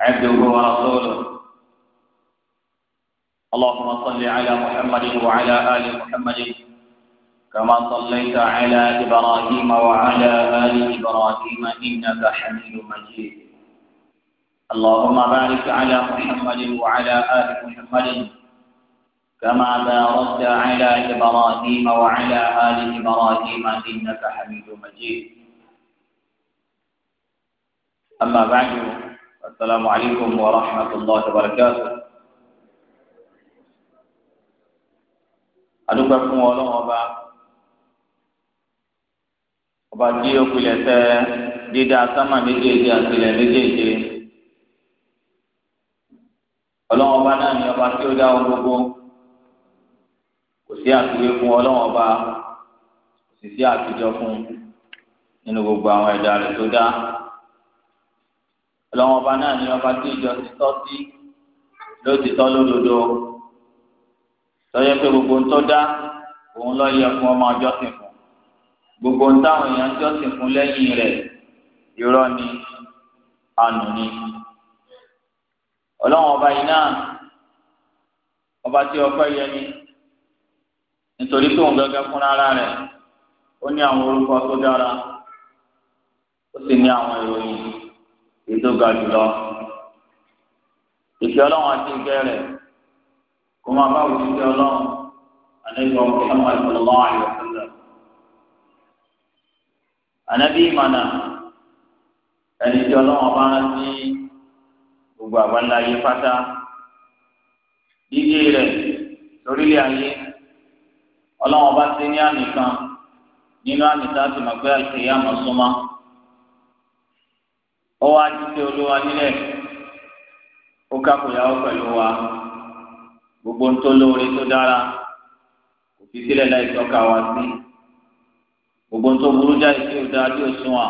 عبده ورسوله اللهم صل على محمد وعلى آل محمد كما صليت على إبراهيم وعلى آل إبراهيم إنك حميد مجيد اللهم بارك على محمد وعلى آل محمد كما باركت على إبراهيم وعلى آل إبراهيم إنك حميد مجيد أما بعد السلام عليكم ورحمة الله وبركاته adúpẹ́ fún ọlọ́run ọba ọba tí ó pilẹ̀ tẹ dídá sámà méjèèjì àtìlẹ̀ méjèèjì ọlọ́run ọba náà ni ọba tí ó dá ohun gbogbo kò sí àfiwé fún ọlọ́run ọba kò sì sí àfijọ́ fún nínú gbogbo àwọn ẹ̀dá rẹ̀ tó dá ọlọ́wọ́n ọba náà ni ọba tí ìjọ ti tọ́ sí ló ti tọ́ lódodo tọ́jọ́ pé gbogbo ń tọ́ dá òun lọ yẹ fún ọmọ ọjọ́ sìn fún gbogbo ń táwọn èèyàn jọ́ sìn fún lẹ́yìn rẹ̀ irọ́ ni ànú ni ọlọ́wọ́n ọba yìí náà ọba tí ọpẹ́ yẹ ni nítorí pé òun gẹ́gẹ́ fúnra rẹ̀ ó ní àwọn orúkọ tó dára ó sì ní àwọn ìròyìn ètò ga jùlọ ìfẹ́ ọlọ́run àti ìfẹ́ rẹ̀ kó máa bá wù ìfẹ́ ọlọ́run ànábì ọmọ ìfọlọ́wọ́ àyọ̀sílẹ̀ ànábì ìmànà ẹni tí ọlọ́run bá ń sí gbogbo àgbáńlá yìí pátá dídí rẹ̀ lórílẹ̀ ayé ọlọ́run bá ti ní àmì kan nínú àmì tá a ti mọ̀ pé àìsè yá mọ̀ súnmọ́ ọwọ́ adúlé olúwa nílẹ̀ ó kákòyàwó pẹ̀lú wa gbogbo ń tó lóore tó dára kò fi sílẹ̀ láì tọ́ka wa sí gbogbo ń tó burú jáde tí ó dáa tí ó sún wa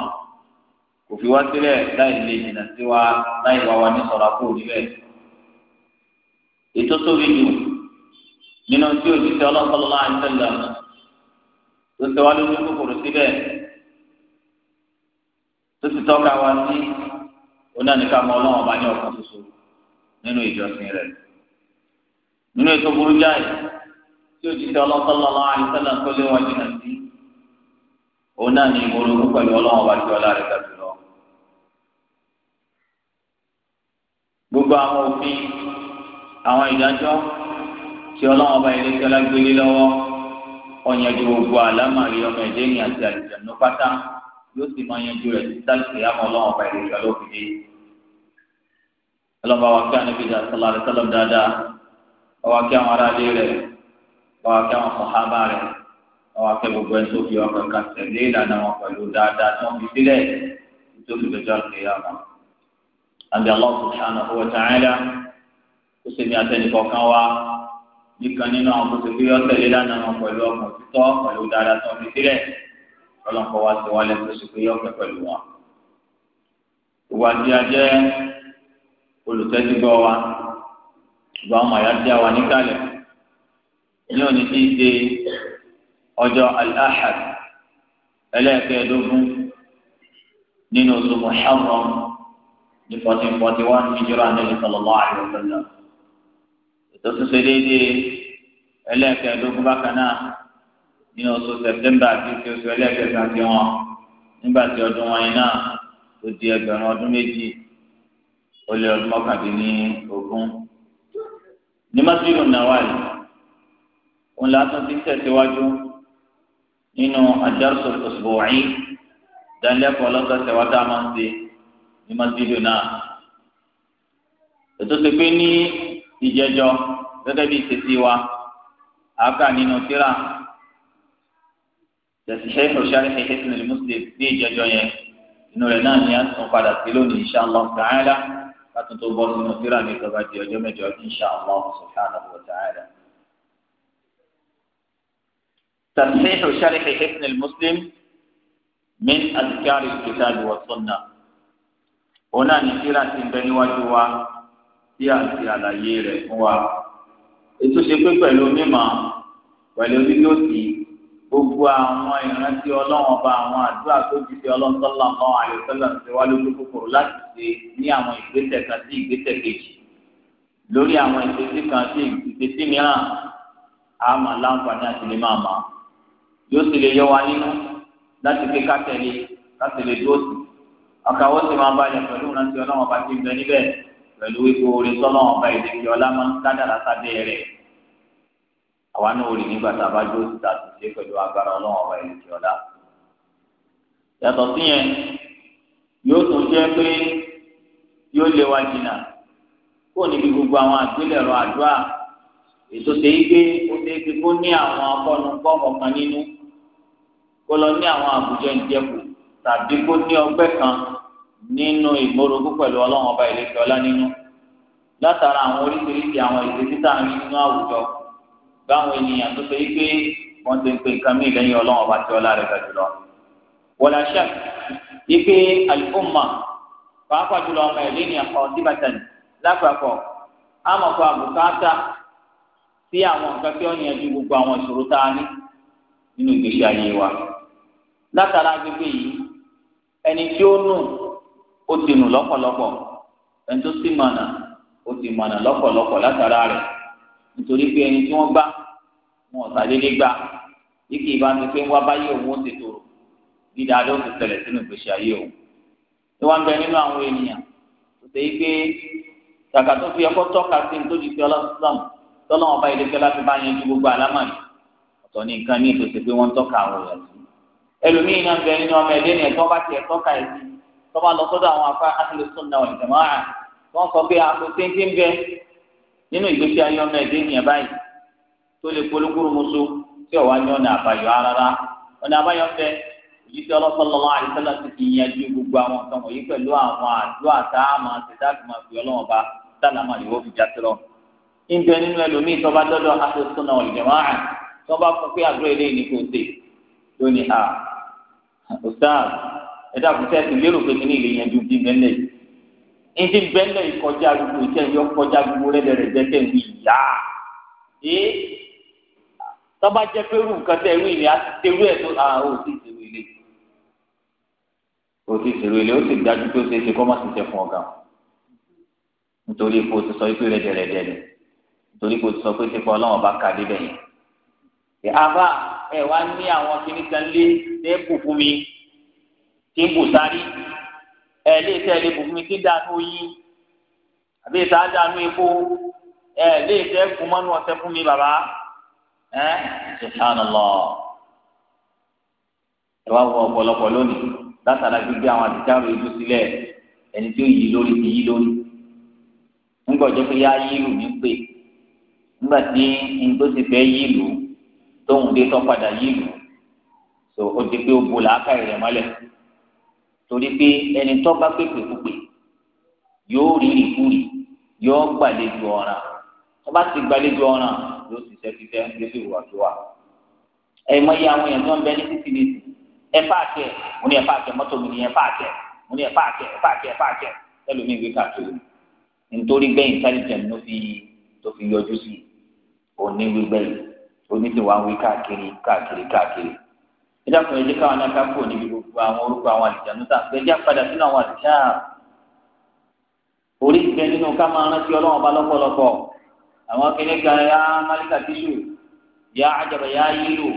kò fi wá sílẹ̀ láì lè jìnnà sí wa láì wá wa ní sọ̀rọ̀ kó níbẹ̀ ètò tóbi jù nínú tí òjijì ọlọ́pàá lọ́la ń tẹ̀lé tó tẹ̀wá lójú kòkòrò síbẹ̀ tó sì tọ́ka wa sí onáníkà mọ ọlọ́run ọba ní ọ̀kan ṣoṣo nínú ìjọsìn rẹ̀ nínú ètò burú jáì tí ó ti tẹ ọlọ́sọ́lọ́ lọ́wọ́ àìsàn tó lé wọn jìnnà sí òun náà ní ìmọ̀lógún pẹ̀lú ọlọ́run ọba tí ọlá rẹ̀ dàbí lọ. gbogbo àwọn òfin àwọn ìdájọ́ tí ọlọ́run ọba ilé tí ọlá gbélé lọ́wọ́ ọ̀yànjú gbogbo àlámà rí ọmọ ẹ̀dẹ́ ní àti àlùjànnú pátá yóò sì máa yanjú rẹ̀ dáàbò ìyá mọ́ ọlọ́wọ́n ọba ìrètí ọlọ́wọ́ fi dé. ọlọ́ba wa kí anabi dà sọlá rẹ̀ sọlá dáadáa ọwọ́ kí àwọn ará ilé rẹ̀ ọwọ́ kí àwọn sọ̀hábà rẹ̀ ọwọ́ kí gbogbo ẹni tó fi ọkọ̀ ẹ̀ka tẹ̀lé ìlànà wọn pẹ̀lú dáadáa tí wọ́n fi sílẹ̀ tó fi dọjọ́ ìyá mọ́. àbí Allah subhanahu wa ta'ala ó sì ní atẹnìkọ̀ọ̀kan wa nìkan nínú àwọn kòtò ọlọ́nkọ́ wa ti wálé tó ṣe pé yọ ọ̀pẹ pẹ̀lú wọn. ìwà tí a jẹ́ olùtẹ́sígbọ́ wa ìgbà ọmọ àyà tí a wà níkàlẹ̀ ní òní tí í ṣe ọjọ́ al-ahad ẹlẹ́ẹ̀kẹ́ẹ̀dógún nínú oṣù muharram ní fourteen forty one hijra nílùú sallallahu alaihi wa sallam déédéé ẹlẹ́ẹ̀kẹ́ẹ̀dógún bákan náà ní oṣù sẹpẹmbà àti ti oṣù ẹlẹ́ẹ̀kẹta ti wọn nígbà tí ọdún wọn yìí náà tó di ẹgbẹ̀rún ọdún méjì ó lé ọdún mọ́kàndínní ogún. ní masiru nawal òun látún ti tẹ̀síwájú nínú àjọṣe òṣùwọ̀nyí dánilẹ́kọ̀ọ́ lọ́sọ̀ọ̀sẹ̀ wá tá a máa ń ṣe ní masiru náà. ètò ti pé ní ìjẹjọ gẹ́gẹ́ bí ìṣesí wa àáká nínú tíra tẹ̀sí sẹ́yìn òṣèré ẹ̀hẹ́sìn ní muslim ní ìjẹjọ yẹn inú rẹ̀ náà ni a tún padà sí lónìí inshallah ta'ala látún tó bọ́ sínú síra mi tó bá di ọjọ́ mẹ́jọ inshallah subhanahu wa ta'ala. تصحيح شرح حسن المسلم من أذكار الكتاب والسنة هنا نسيرة بني وجوا tí a ti àlàyé rẹ̀ fún wa ètò ṣe pé pẹ̀lú mímọ̀ pẹ̀lú bí yóò ti gbogbo àwọn ìrántí ọlọ́run ọba àwọn àdúrà tó ti di ọlọ́run sọ́lá ọmọ àyọ̀sọ́lá ti wá lójú kòkòrò láti ṣe ní àwọn ìgbésẹ̀ kan sí ìgbésẹ̀ kejì lórí àwọn ìṣesí kan sí ìṣesí mìíràn a máa láǹfààní àti lè máa mọ̀ yóò sì lè yọ wa nínú láti fi ká tẹ̀lé láti lè dúró sí ọkàwọ́ sì máa bá yẹn pẹ̀lú ìrántí ọlọ́run ọba ti bẹ níbẹ̀ pẹ̀lú wípé orin sọ́lá ọba ìdèkì àwa náà ò rí nígbà tá a bá jó síta tó ṣe pẹ̀lú agbára ọlọ́run ọba ìlú ti ọ̀la. yàtọ̀ síyẹn yóò tún jẹ́ pé yóò lé wa jìnnà kó níbi gbogbo àwọn àgbélẹ̀rọ àdúrà ètò tèyí pé ó tẹ́ kó ní àwọn ọgọ́nu pọ́ọ̀mù kan nínú kó lọ ní àwọn àbújá ìjẹ́kù tàbí kó ní ọgbẹ́ kan nínú ìmọ̀rogún pẹ̀lú ọlọ́run ọba ìlú ti ọ̀la nínú látara àwọn oríṣiríṣi àwọn ìṣesí tá à ń rí nínú àwùjọ báwọn ènìyàn tó ṣe wípé wọ́n ti ń pe nǹkan mí lẹ́yìn ọlọ́run ọba tí ọlá rẹ̀ ga jùlọ. wọ́lá ṣáà wípé àlùfóònmà pàápàá jùlọ ọmọ ẹ̀ lẹ́yìn ẹ̀kọ́ síbàtàn lápapọ̀ àmọ̀kọ́ àbùkátà sí àwọn nǹkan tí ó yanjú gbogbo àwọn ìṣòro tá a ní nínú ìgbésí ayé wa. látara gbígbé yìí ẹni tí ó nù ó ti nù lọ́pọ̀lọpọ̀ ẹni tó sì mọ̀nà ó ti mọ̀nà lọ́pọ̀lọpọ̀ látara rẹ̀ nítorí pé ẹni tí wọ́n gbá wọn ọ̀tá délé gbá bí kì í bá ti pé wá báyé òun ó ti tòrò dídá ló ti tẹ̀lẹ̀ sínú ìgbésí ayé òun. tí wọ́n ń bẹ nínú àwọn ènìyàn tó ṣe pé kàkà tó fi ẹkọ́ tọ́ka sí ní tó di pé ọlọ́sùlọ́mù tọ́lọ́ ọba ìdẹ́kẹ́ láti bá yanjú gbogbo àlámọ̀rí ọ̀tọ̀ ní nǹkan ní ìtòsí pé wọ́n tọ́ka àwọn èèyàn sí. ẹlòmíín náà ń bẹ nínú ọmọ ẹ̀dẹ́ nìyẹn tó bá tiẹ̀ tọ́ka ẹ̀ sí tó lọ sọ́dọ̀ àwọn afá àtìlẹ́sùn náà wọ́n sọ pé àpò ń bẹ nínú ìgbésí ayé ọmọ ẹ̀dẹ́ ènìyàn báyìí tó lè polúkúrú musu tí ọ̀wá ní ọ̀nà àbáyọ rárá ọ̀nà àbáyọ fẹ́ òjijì ọlọ́sọ̀lọ́wọ́ ti fi yanjú gbogbo àwọn nǹkan wọ̀nyí pẹ̀lú àwọn àdó àtàmà àtẹ̀dáàbìmọ̀ àbí ọlọ́wọ́n bá sálàmà lè wọ́n fi nínú ẹlòmíì tó bá dọ́dọ̀ àtẹ̀sọ́nà ìjọba àrùn tó bá fún pé àdúrà eléyìí ni kò tè lónìí à ọ̀sán ẹ̀dá ẹdí bẹ́lẹ̀ ìkọjá gbogbo ìtẹ́ yọ kọjá gbogbo rẹ̀ rẹ̀ jẹ́ tẹ̀ wí yá ẹ tọ́ba jẹ́ pé rú nǹkan tẹ̀ ni a ti tẹ̀wé ẹ̀ tó a ò sì tẹ̀wé ilé ò sì tẹ̀wé ilé ó sì dájú pé ó ṣe é ṣe kọ́ má sì tẹ̀ fún ọ̀gá nítorí ipò ti sọ ipò rẹ̀ dẹ̀rẹ̀ dẹ̀rẹ̀ nítorí ipò ti sọ pé tipọ̀ ọlọ́wọ́n bá ka dé bẹ̀yẹn ẹ àbá ẹ wá ní àwọn kìnnìkan lé tẹ́ kù fún mi tí ń bù ẹ lè tẹ̀lé bùnmi kí dànù yín àbí ìta dànù epo ẹ lè tẹ fún mọ́nú ọ̀sẹ̀ fún mi bàbá ẹ subhanallah ẹ wá wọ ọ̀pọ̀lọpọ̀ lónìí látara gbígbé àwọn àtijọ́ ìlú sílẹ̀ ẹni tí ó yí lórí ti yí lórí ńgbà ọjọ́ pé yá yílù ní pé ńgbà tí ńgbó ti fẹ́ yílù tóun dé tó padà yílù tó o ti pé o bu làákàyè rẹ̀ mọ́lẹ̀ torí pé ẹni tó bá pèpè púpè yóò rí ìkúrì yóò gbàlejò ọ̀ràn tó bá ti gbàlejò ọ̀ràn yóò sì sẹ́fífẹ́ yóò sì wà tó wà. ẹ mọ iye àwọn èèyàn tó ń bẹ ní títí nìyí ẹ páàkì ẹ mo ní ẹ páàkì ẹ mọ́tò mi ní ẹ páàkì ẹ mo ní ẹ páàkì ẹ páàkì ẹ páàkì ẹ ẹlòmíì gbé káàkiri nítorí gbẹ̀yìn sálíjẹ̀m ló fi tó fi yọjú sí òní gbígbẹ̀yìn oníṣèwà wí káàkiri káàkiri káàkiri ẹjá kan ẹjẹ káwọn náà ká kúrò níbi gbogbo àwọn orúkọ àwọn àlìjánu tá ẹjá padà sínú àwọn àlìjá orí ìgbẹ́ nínú ká máa rántí ọlọ́wọ́n bá lọ́pọ̀lọpọ̀ àwọn akẹ́lẹ́ gba ya málíkà tíṣù ya àjàbà ya yílò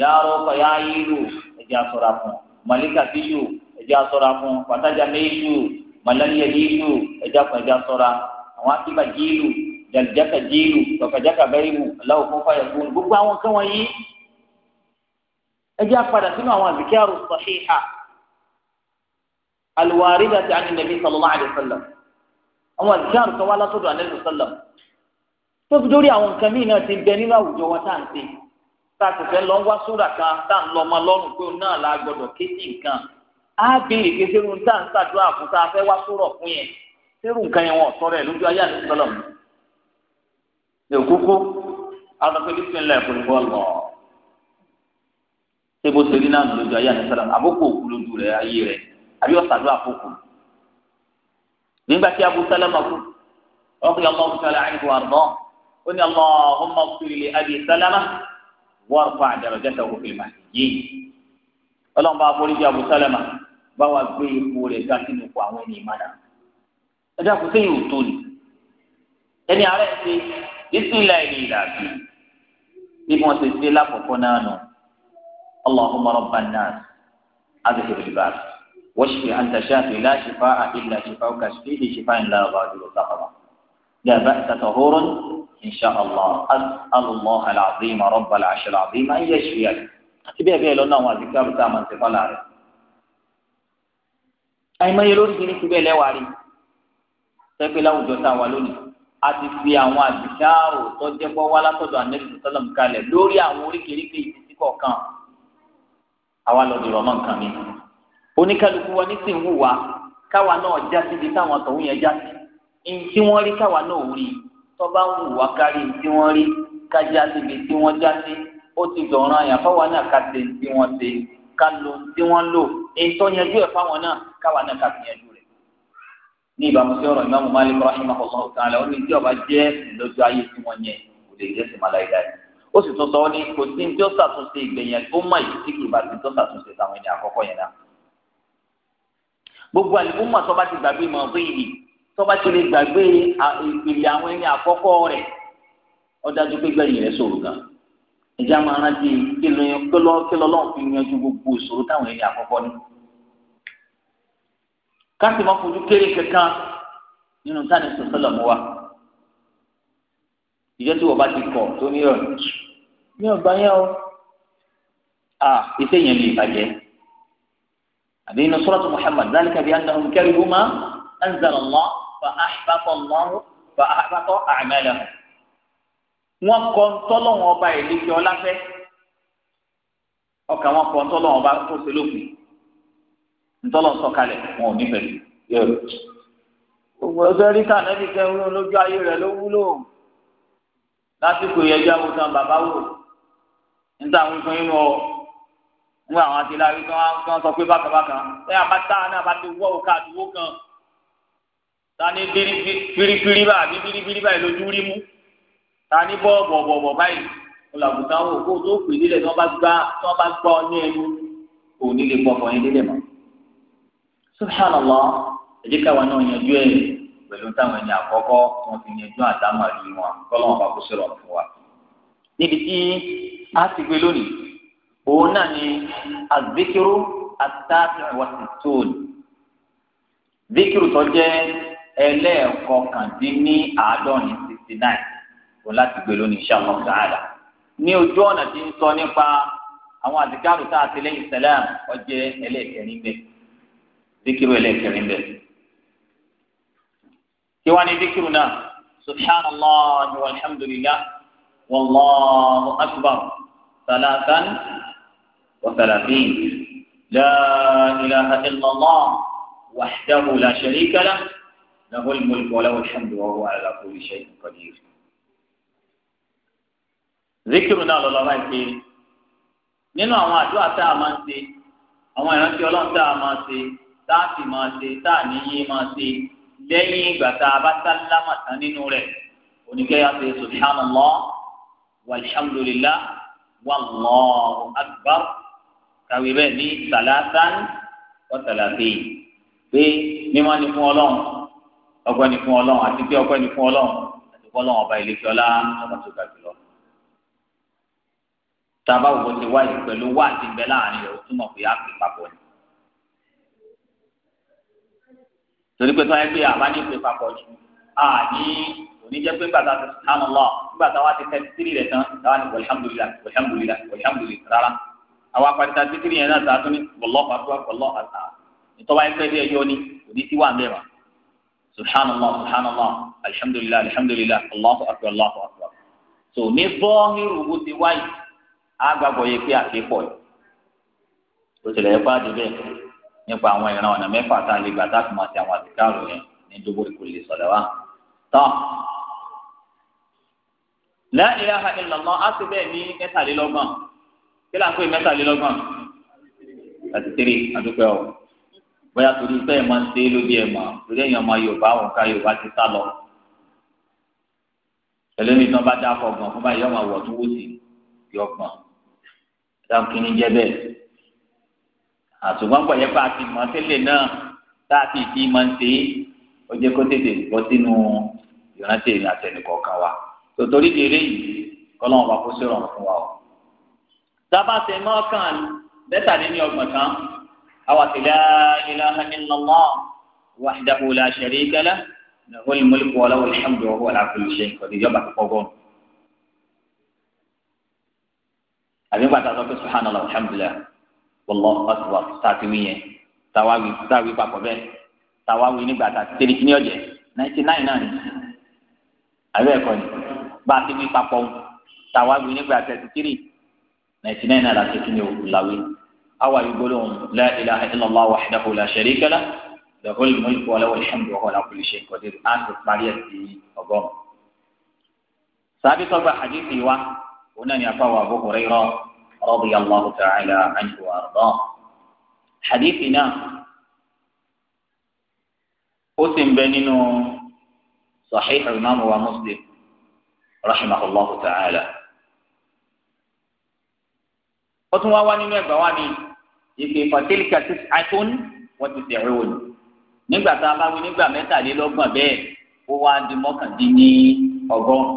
ya rọ́kọ̀ ya yílò ẹjá sọ̀ra fún málíkà tíṣù ẹjá sọ̀ra fún pàtàjà méjù màláríà yílò ẹjá kan ẹjá sọ̀ra àwọn akíba jílò jàdìjáka jílò kọ̀kàjáka bẹ́rìwù aláwọ̀ fún fàyà fún gbogbo àwọn kan wọ̀nyí ẹjẹ́ apàdà sínú àwọn àzìkíyàrú sọ̀híhà alùwárídà ti àní nàbí sallallahu alaihi wasallam àwọn àzìkíyàrú tó wá látọ̀dọ̀ àlẹ́sọ̀ sọlọ tó fi dórí àwọn nǹkan míì náà ti bẹ nínú àwùjọ wa tá à ń ṣe tá a sì fẹ́ lọ wá sóra kan tá à ń lọ ọmọ lọ́rùn pé òun náà la gbọdọ̀ kéjì nǹkan á béèrè pé sẹ́rù tá à ń ṣàdúrà fún tá a fẹ́ wá sóra fún yẹn sẹ́rù nǹkan yẹn wọn sọ̀rọ̀ ẹ̀ lójú ayé àlẹ́sọ̀ sọlọ lè kúkú alọ́ pé bísí ńlá ẹ̀kọ́ ni sebo seri náà lójú ayé àti sara àbókò òkú lójú rẹ ayé rẹ àbí ọ̀sàdó àkókò nígbà tí abu salama kú ọkùnrin ọmọ ọkùnrin sọlá àyìnbó àrùbọ ó ní ọmọ ọmọ ọkùnrin lè abi salama wọ́n fa àdàrọ̀jẹ́ tó kó fìlìmà yìí ọlọ́run bá forí ju abu salama bá wa gbé ipò rẹ̀ ga sínú ipò àwọn ènìyàn mọ́ra ẹ dákun sẹ́yìn ò tó ni ẹni àárẹ̀ ṣe ìsìnlẹ̀ ìlàbí bí wọ́n ti ṣe lákòókò náà nù. اللهم رب الناس أذهب الباس واشف أنت شافي لا شفاء إلا شفاءك فيه شفاء لا يغادر سقما لا بأس طهور إن شاء الله أسأل الله العظيم رب العرش العظيم أن يشفيك تبي أبي لنا وذكر تام أنت فلاري أي ما يلون جيني تبي لواري تبي لو جوتا ولوني a ti fi àwọn àdìsáàrò tó jẹ́ gbọ́ wá látọ̀dọ̀ ànẹ́bí sọ́lọ́m kalẹ̀ lórí àwọn oríkèéríkèé ìfisí kọ̀ọ̀kan àwa lọ dìrọ̀ mọ́ nǹkan mi oníkálukú wa ní sìn wùwà káwa náà já síbi táwọn tòun yẹn já sí ní tí wọ́n rí káwa náà ò rí tọ́ba ń wùwà kárí tí wọ́n rí kájá síbi tí wọ́n já sí ó ti dọ̀ràn àyàn fáwa náà ká ṣe tí wọ́n ṣe ká lo tí wọ́n lò èyí tó yanjú fáwọn náà káwa náà ká yanjú rẹ̀ ní ìbámu sí ọ̀rọ̀ ìmáàmù Malik rahimahullah ta'ala ó ní tí ọba jẹ́ lójú ayé tí wọ́n yẹn kò lè jẹ́ sí màláìláì ó sì tún sọ ọ ní kò sí ní tí ó ṣàtúnṣe ìgbẹ̀yìn tó mọ̀ yìí tí kìlúbà tí tó ṣàtúnṣe táwọn ẹni àkọ́kọ́ yẹn náà. gbogbo àlùkò mọ̀ tó bá ti gbàgbé mọ̀ pé ìlì tó bá ti lè gbàgbé ìpìlẹ̀ àwọn ẹni àkọ́kọ́ rẹ̀ ó dájú pé gbẹ̀yìn rẹ̀ ṣòro gan. ìjà máa rántí kí lọ́lọ́run fi yanjú gbogbo ìṣòro táwọn ẹni àkọ́kọ́ ní. káàsì máa fojú kéré kankan nínú táwọn ìṣòro sọ́lọ̀ wa ìjọ́ tí wọ́n bá ti kọ̀ tó ní ọ̀rọ̀ ní ọgbà yẹn o à iṣẹ́ yẹn lè bàjẹ́ àbí inú sọ́rọ́tù Muhammad zalika bí annahum karihu ma anzala Allah fa ahbata Allah fa ahbata a'malahum wọn kọ ntọ́lọ́wọ́n ọba ìlẹ́kẹ́ ọláfẹ́ ọkà wọn kọ ntọ́lọ́wọ́n ọba tó ṣe lófin ntọ́lọ́wọ́n sọ̀kalẹ̀ wọn ò nífẹ̀ẹ́ yẹn gbogbo ọjọ́ rí kànáà nìkan lójú ayé rẹ̀ ló wúlò lásìkò yẹn jáwó bàbá wò níta àwọn ìfún yín wọ nígbà àwọn àti láàrin tí wọn sọ pé bákan bákan ẹ àbátá náà bá ti wọ òkà àdúgbò kan tani piripiri bá àbí piripiri báyìí lójú rí mú tani bọ́ọ̀bọ̀bọ̀bọ̀ báyìí ọlọ́gùnkàn wò kó tó pè nílẹ̀ tí wọ́n bá gbá tí wọ́n bá gbọ́ ní ẹnu kò ní lè pọkàn yín nílẹ̀ mọ́. subhanallah ẹ̀jẹ̀ káwa náà yanjú ẹ̀ pẹ̀lú táwọn ẹni àkọ́kọ́ tí wọ́n ti yanjú àdámàlú wọn kọ́lọ́wọ́n á ti gbé lónìí òun náà ni azikiru atafi wasitoni zikiru tó jẹ́ ẹlẹ́ẹ̀kọkàndínní àádọ́rin sixty nine òun láti gbé lónìí inshallah ta'ala ní ojú ọ̀nà tí ń sọ nípa àwọn àdìgáàrú tá a ti lẹ́yìn sẹ́lẹ̀m ọjẹ́ ẹlẹ́ẹ̀kẹrin bẹ́ẹ̀ díkìrú ẹlẹ́ẹ̀kẹrin bẹ́ẹ̀. kí wá ní díkìrú náà subhanallah walhamdulillah wallahu akbar. ثلاثا وثلاثين لا إله إلا الله وحده لا شريك له له الملك وله الحمد وهو على كل شيء قدير ذكرنا لله في nínú àwọn àdúrà tá a máa ń ṣe àwọn ìrántí ọlọ́run tá a máa ṣe tá a sì máa ṣe tá a níyí máa ṣe lẹ́yìn ìgbà tá a bá sálámà tán nínú rẹ̀ oníkẹ́yà ṣe subhanallah walhamdulillah wallahu akbar kàwé bẹ́ẹ̀ ní sàlásán wọ́n sàlásì pé mímọ́ ni fún ọlọ́run ọgbẹ́ ni fún ọlọ́run àti pé ọgbẹ́ ni fún ọlọ́run àti pé ọlọ́run ọba ìlẹ́fẹ́ ọlá ọba tó ga jùlọ. tábà wò ti wáyé pẹ̀lú wá àti bẹ́ẹ̀ láàrin rẹ̀ ó túmọ̀ pé á pè papọ̀ ni. torí pé tí wọ́n yẹ pé àbá ní pè papọ̀ ni àní oníjẹ́ pé ńgbà tá a ti sàn án lọ ńgbà tá a wá ti tẹ́ títírì rẹ̀ tán táwa ní wàlhámdùlilá wàlhámdùlilá wàlhámdùlilá rárá àwọn apàtà títírì yẹn náà tá a tún ní bọ̀lọ́ pàtó bọ̀lọ́ àtà ìtọ́wá ẹgbẹ́ bí ẹyọ ni òní tí wà mẹ́wàá subhanallah subhanallah alhamdulillah alhamdulillah allahu akbar allahu akbar so ní bọ́ọ̀hìrù wo ti wáyé àgbàgbọ́ yẹ pé àkẹ́kọ̀ọ́ yìí ó ti lẹ́yìn pàdé bẹ́ẹ̀ nípa La ilaha illallah á sì bẹ́ẹ̀ ní mẹ́tàlélọ́gbọ̀n kí là ń pè mẹ́tàlélọ́gbọ̀n àti tèrè àdúpẹ́ ọ̀ bóyá torí pé ẹ̀ máa ń ṣe é lóde ẹ̀ mọ̀ lórí ẹ̀yàn ọmọ Yorùbá òun ká Yorùbá ti sá lọ. ẹlẹ́ni tán bá dá fọgbọ̀n fún báyìí ọmọ àwọ̀ tó wò sí yọgbọ̀n ẹ̀dá kìíní jẹ́ bẹ́ẹ̀. àtùgbọ́n pẹ̀lẹ́ pa àti mọ̀ tẹ́lẹ̀ náà tá a ti fi máa ń ṣe é ó jẹ́ kó tètè bọ́ sínú ìrántí ìrìn àtẹnukọ̀ọ̀kan wa tòtòrí di eléyìí kọ́lọ́n ọba kó sọ̀rọ̀ fún wa o. sábàtì mọ́kàn mẹ́tàléní ọgbọ̀n kan awàtí la ilaha illallah wahdahu la sharika lahu lahul mulku wa lahul hamdu wa huwa ala kulli shay'in qadir ìjọba tó kọ́gọ́. àbí bàtà sọ pé subhanallah alhamdulillah wallahu akbar tààtì wíyẹn tàwáwí tàwí papọ̀ bẹ́ẹ̀ tàwáwí nígbà tààtì tẹ̀lé kí ni bá a ti wí papọ̀ ń tàwa wí nígbà tẹ̀sí kiri nàìjíríà náírà láti kí ni o làwí. awa yìí gbólóhùn la ilaha illallah wahdahu la sharika lah lahul mulku wa lahul hamdu wa huwa ala kulli shay'in qadir á ti parí ẹ̀ sí ọgọ́rùn. sábì sọgbà hadith yìí wa òun náà ni afa wa Abu Hurayra radiyallahu ta'ala anhu wa arda rahimahullahu ta'ala ó tún wá wá nínú ẹgbàá wá ní ìpè fatilka tis'atun wa tis'un nígbà tá a bá wí nígbà mẹ́tàlélọ́gbọ̀n bẹ́ẹ̀ ó wá di mọ́kàndínní ọgọ́rùn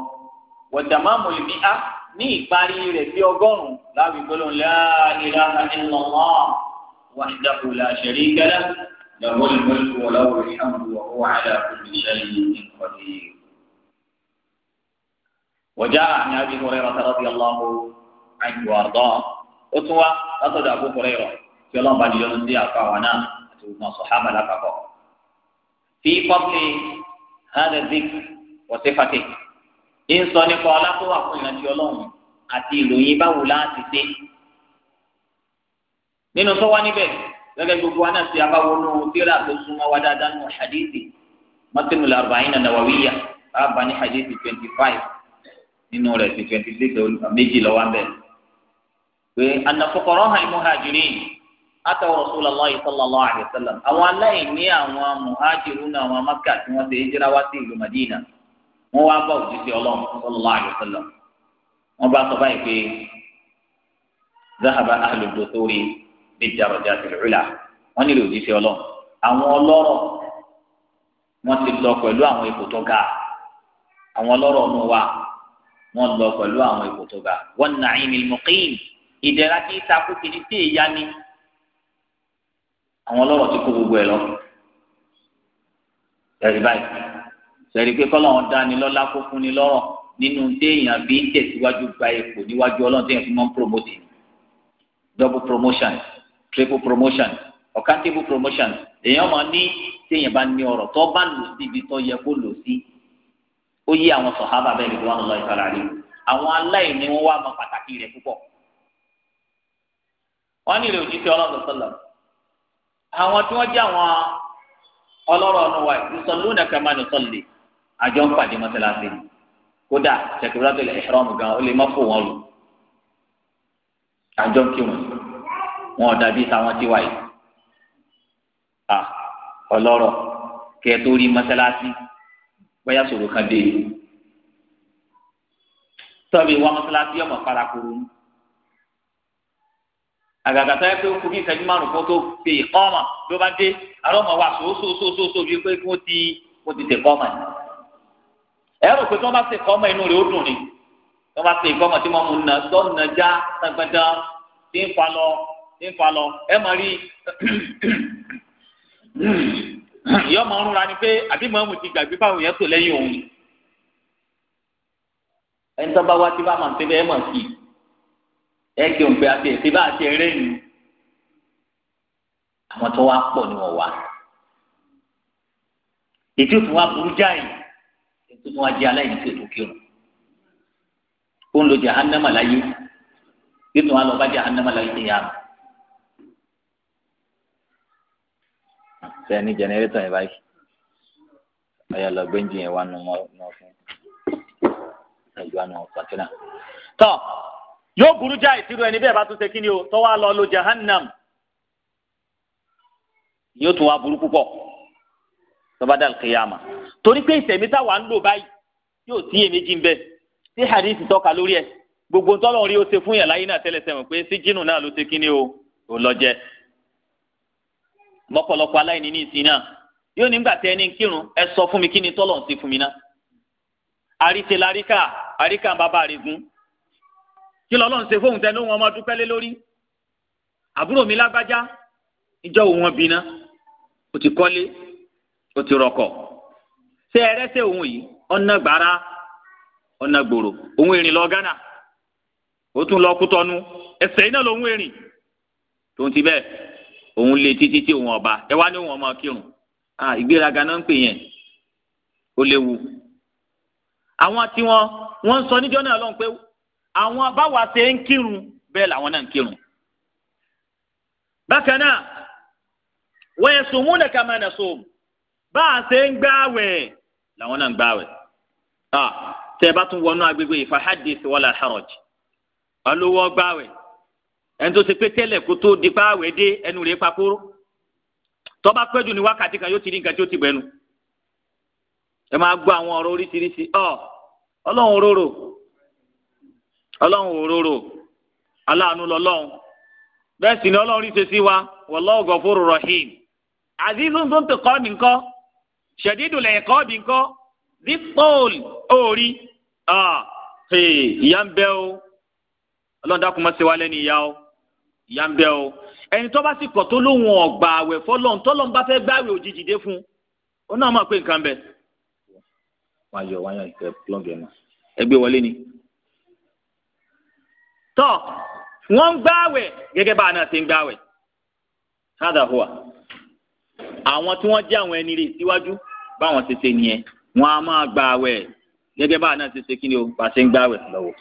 wọ̀tàmáàmù ìbí á ní ìparí rẹ̀ bí ọgọ́rùn láwùjọ gbọ́dọ̀ la ilaha illallah wahdahu la sharika lahu lahul mulku wa lahul hamdu wa huwa ala kulli shay'in qadir. وجاء عن أبي هريرة رضي الله عنه وأرضاه أتوى أتد أبو هريرة في الله بعد يوم الدين أقوانا أتوى صحابة لك في فضل هذا الذكر وصفته إن صنف ولا قوة قلنا تيولون أتي لويبا ولا تسي nínú tó wá níbẹ̀ gẹ́gẹ́ gbogbo wa náà ti abáwọnú tíra tó súnmọ́ wa dáadáa nù hadithi mọ́tìmùlá arba'in nàwáwíyà bá a bá ní hadithi twenty five nínú rẹ̀ sí twenty six méjì lọ́wọ́ abẹ́ pé anafọkọrọ hàn muhajirin atọwọ Rasulullahi sallallahu alaihi wasallam àwọn aláìní àwọn muhajirun náà àwọn Mákkà tí wọ́n ṣe hijira wá sí ìlú Madina wọ́n wá bá òjijì Ọlọ́run sallallahu alaihi wasallam wọ́n bá sọ báyìí pé zahaba ahlu dusuri bíi jàrọjà tìlúlà wọ́n nílò òjijì Ọlọ́run àwọn ọlọ́rọ̀ wọ́n ti lọ pẹ̀lú àwọn ipò tó ga àwọn ọlọ́rọ̀ ọmọ wa wọ́n lọ pẹ̀lú àwọn ipò tó ga wọ́n nà ìmì mọ̀kìm ìdẹ̀ra kí n takú kìíní tí èyá ni àwọn ọlọ́rọ̀ ti kó gbogbo ẹ̀ lọ. ẹ̀rí báyìí sẹ̀rí pé kọ́lọ́ wọn dání lọ́lá kó fún ni lọ́rọ̀ nínú téèyàn bí ń tẹ̀síwájú gba ipò níwájú ọlọ́run téèyàn fi promote double promotion triple promotion ọ̀kan table promotion èèyàn máa ní téèyàn bá ní ọ̀rọ̀ tó bá lò síbi tó yẹ kó lò sí ó yí àwọn sọ̀hábà bẹ́ẹ̀ lẹ́gbẹ̀ẹ́ wọn lọ ìtọ́lá rí àwọn aláìní wọn wá mọ pàtàkì rẹ̀ púpọ̀ wọn ní ìrè òjíṣẹ́ ọlọ́run sọlọ àwọn tí wọ́n jẹ́ àwọn ọlọ́rọ̀ ọ̀nà wa ìsọ̀lú nàkà máa nù sọ̀lẹ̀ àjọ ń pàdé mọ́sálásí kódà tẹkìrìtàtò ìhẹ́rọ̀ mu gan ó lè má fò wọn lò àjọ ń kí wọn wọn ò dàbí táwọn ti wáyé ọlọ́rọ̀ kẹ́ẹ̀ tó rí bóyá sọ̀rọ̀ kan dé tọ́bi wọn mọ́sálásí ọmọ parakuru àgàgà tó yẹ pé kú kí ìṣẹ́jú márùn kó tó ṣe ìkọ́mà ló bá dé àlọ́ ọmọ wa sòósòósòósò bíi pé kó ti kó ti ṣe kọ́mà ni ẹ rò pé tí wọ́n bá ṣe kọ́mà inú rẹ̀ ó dùn ni tí bá ṣe ìkọ́mà tí wọ́n mú nà tó nà já tàgbàdà tí ń fa tí ń fa ẹ máa rí ìyá ọmọ ọrùn ra ni pé àbí mọ́mù ti gbàgbé fáwọn èèyàn tó lẹ́yìn òun ẹni tó bá wá tí bá máa ń tẹ́lẹ̀ ẹ̀ mọ̀ sí ẹ kí òun pé àti ètè bá àti ẹrẹ́ nù àwọn tó wá pọ̀ ni wọ́n wá ètò tó wá burú jáì ètò tó wá jẹ́ aláìní tó tó kírun ó ń lo jahannama láyé yóò tó wá lọ bá jahannama láyé tó yára. tẹ ní jẹnẹrétọ̀ yẹn báyìí ọyọ lọ gbẹǹjì yẹn wà nù mọ fún ẹjọ àná pàtínà. tọ yóò burú já ìṣirò ẹni bẹ́ẹ̀ bá tún ṣe kí ni o tọ wá lọ lo jahannam yóò tún wá burú púpọ̀ tọba dàl kìyàmà torí pé ìṣẹ̀mí táwa ń lò báyìí yóò tí èméjì ń bẹ tí hadith tọ́ka lórí ẹ gbogbo ntọ́lọ́run rí o ṣe fún yàrá yìí náà tẹ́lẹ̀ sẹ́wọ̀n pé sí jínù náà ló ṣe kí ni o ò lọ jẹ́ mọ́pọ̀lọpọ̀ aláìní ní ìsìn náà yóò nígbà tẹ́ ẹni kírun ẹ sọ fún mi kí ni tọ́lọ̀ ń fún mi náà àríṣe láríkà àríkà bàbá àrígún kí lọ́lọ́ ń ṣe fóun tẹ́ lóhun ọmọ mi lágbájá ìjọ òun wọn bínà ó ti kọ́lé ó ti rọkọ̀ ṣé ẹ rẹ́sẹ̀ òun yìí ọ̀nà gbàrà ọ̀nà gbòòrò òun ìrìn lọ Ghana ó tún lọ ẹsẹ̀ iná lòun ìrìn ti bẹ́ẹ̀ òun lé títí tí òun ọba ẹ wá ní òun ọmọ kírun ìgbéraga náà ń pè yẹn ó léwu àwọn tí wọn wọn ń sọ níjọ náà lọ́hùn pé àwọn báwa ṣe ń kírun bẹ́ẹ̀ làwọn náà ń kírun bákan náà wọ́n yẹ sùnmù nìkan máa nà sùn bá a ṣe ń gbáwẹ̀ làwọn náà ń gbáwẹ̀ tẹ́ ẹ bá tún wọnú agbègbè ìfahadith wala haraj olówó gbáwẹ̀ ẹni tó ṣe pé tẹ́lẹ̀ kó tó di páwẹ́ dé ẹnu rẹ̀ pakóró tó bá pẹ́ jù ní wákàtí kan yóò ti rí nǹkan tí ó ti bẹ̀nu ẹ máa gbọ́ àwọn ọ̀rọ̀ oríṣiríṣi ọ ọlọ́run òróró ọlọ́run òróró aláàánú lọ́lọ́run bẹ́ẹ̀ sì ni ọlọ́run rí ṣe wa wallahu ghafurur rahim azizun tó ń tẹ kọ́ mi ńkọ́ shadidul iqabi ńkọ́ dípòl òòrí ìyá ń bẹ́ o ọlọ́run dákun má ṣe lẹ́nu ìyá o ìyá ń bẹ o ẹni tó bá sì kọ̀ tó lóun ọ̀gbà àwẹ̀ fọlọ́n tọ́lọ́n bá fẹ́ gbáwé òjijì dé fún un ó náà mọ̀ pé nǹkan bẹ. wọ́n yọ wọ́n yọ ìfẹ́ plọ́ọ̀gì ẹ̀ náà ẹ gbé wọlé ni. tọ́ wọ́n ń gbáwẹ̀ gẹ́gẹ́ bá a náà ti ń gbáwẹ̀ hádà hùwà àwọn tí wọ́n jẹ́ àwọn ẹni rè síwájú báwọn ṣe ṣe nìyẹn wọ́n á máa gbáwẹ̀ gẹ́gẹ́ bá a náà ṣe ṣe kí ni o bá a ṣe ń gbáwẹ̀ lọ́wọ́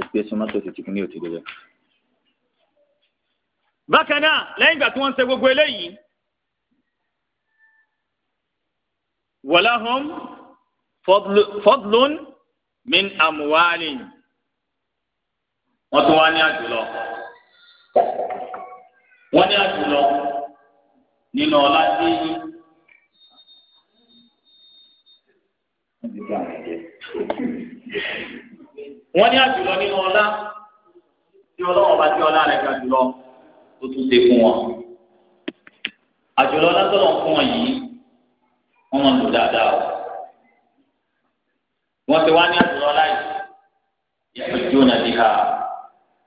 ẹgbẹ́ sọmọ́tò ti tìkún ní òtí lẹ́yìn. bákan náà lẹ́yìn ìgbà tí wọ́n ń ṣe gbogbo eléyìí wọ́láhùn fọ́dlún min amuwaali wọ́n tún wá ní àjùlọ wọ́n ní àjùlọ nínú ọlá tí wọ́n ti wọ́n ní àjùlọ nínú ọlá tí ọlọ́wọ́ bá tí ọlá rẹ̀ ga jùlọ tó tún ṣe fún wọn àjùlọ lásọ̀rọ̀ fún wọn yìí wọ́n mọ̀ lò dáadáa o wọ́n ti wá ní àjùlọ láì yàtọ̀ jóná bí ha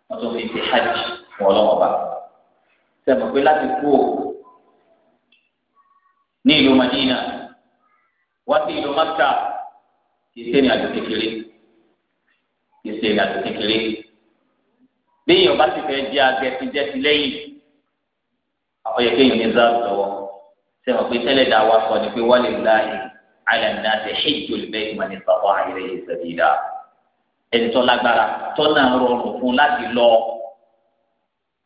wọ́n tún fi ṣe hajj fún ọlọ́wọ́ bá sẹ́mi pé láti kú o ní ìlú Madina wọ́n ti ìlú Maka kì í sẹ́ni àjò kékeré ìṣe ìrìnàjò kékeré bẹ́ẹ̀ ọba ti fẹ́ jẹ́ agẹ́sìjẹ́sì lẹ́yìn ọyẹ kéèyàn ní záàbù lọ́wọ́ sẹ́wọ̀n pé tẹ́lẹ̀ dá wa sọ ni pé wọ́n lè láàyè àìlànà àti ṣèjì olùbẹ́yìí wọn ní sọ́kọ́ àìrè ìṣẹ̀lẹ̀ ìdá ẹni tó lágbára tó náà rọrùn fún láti lọ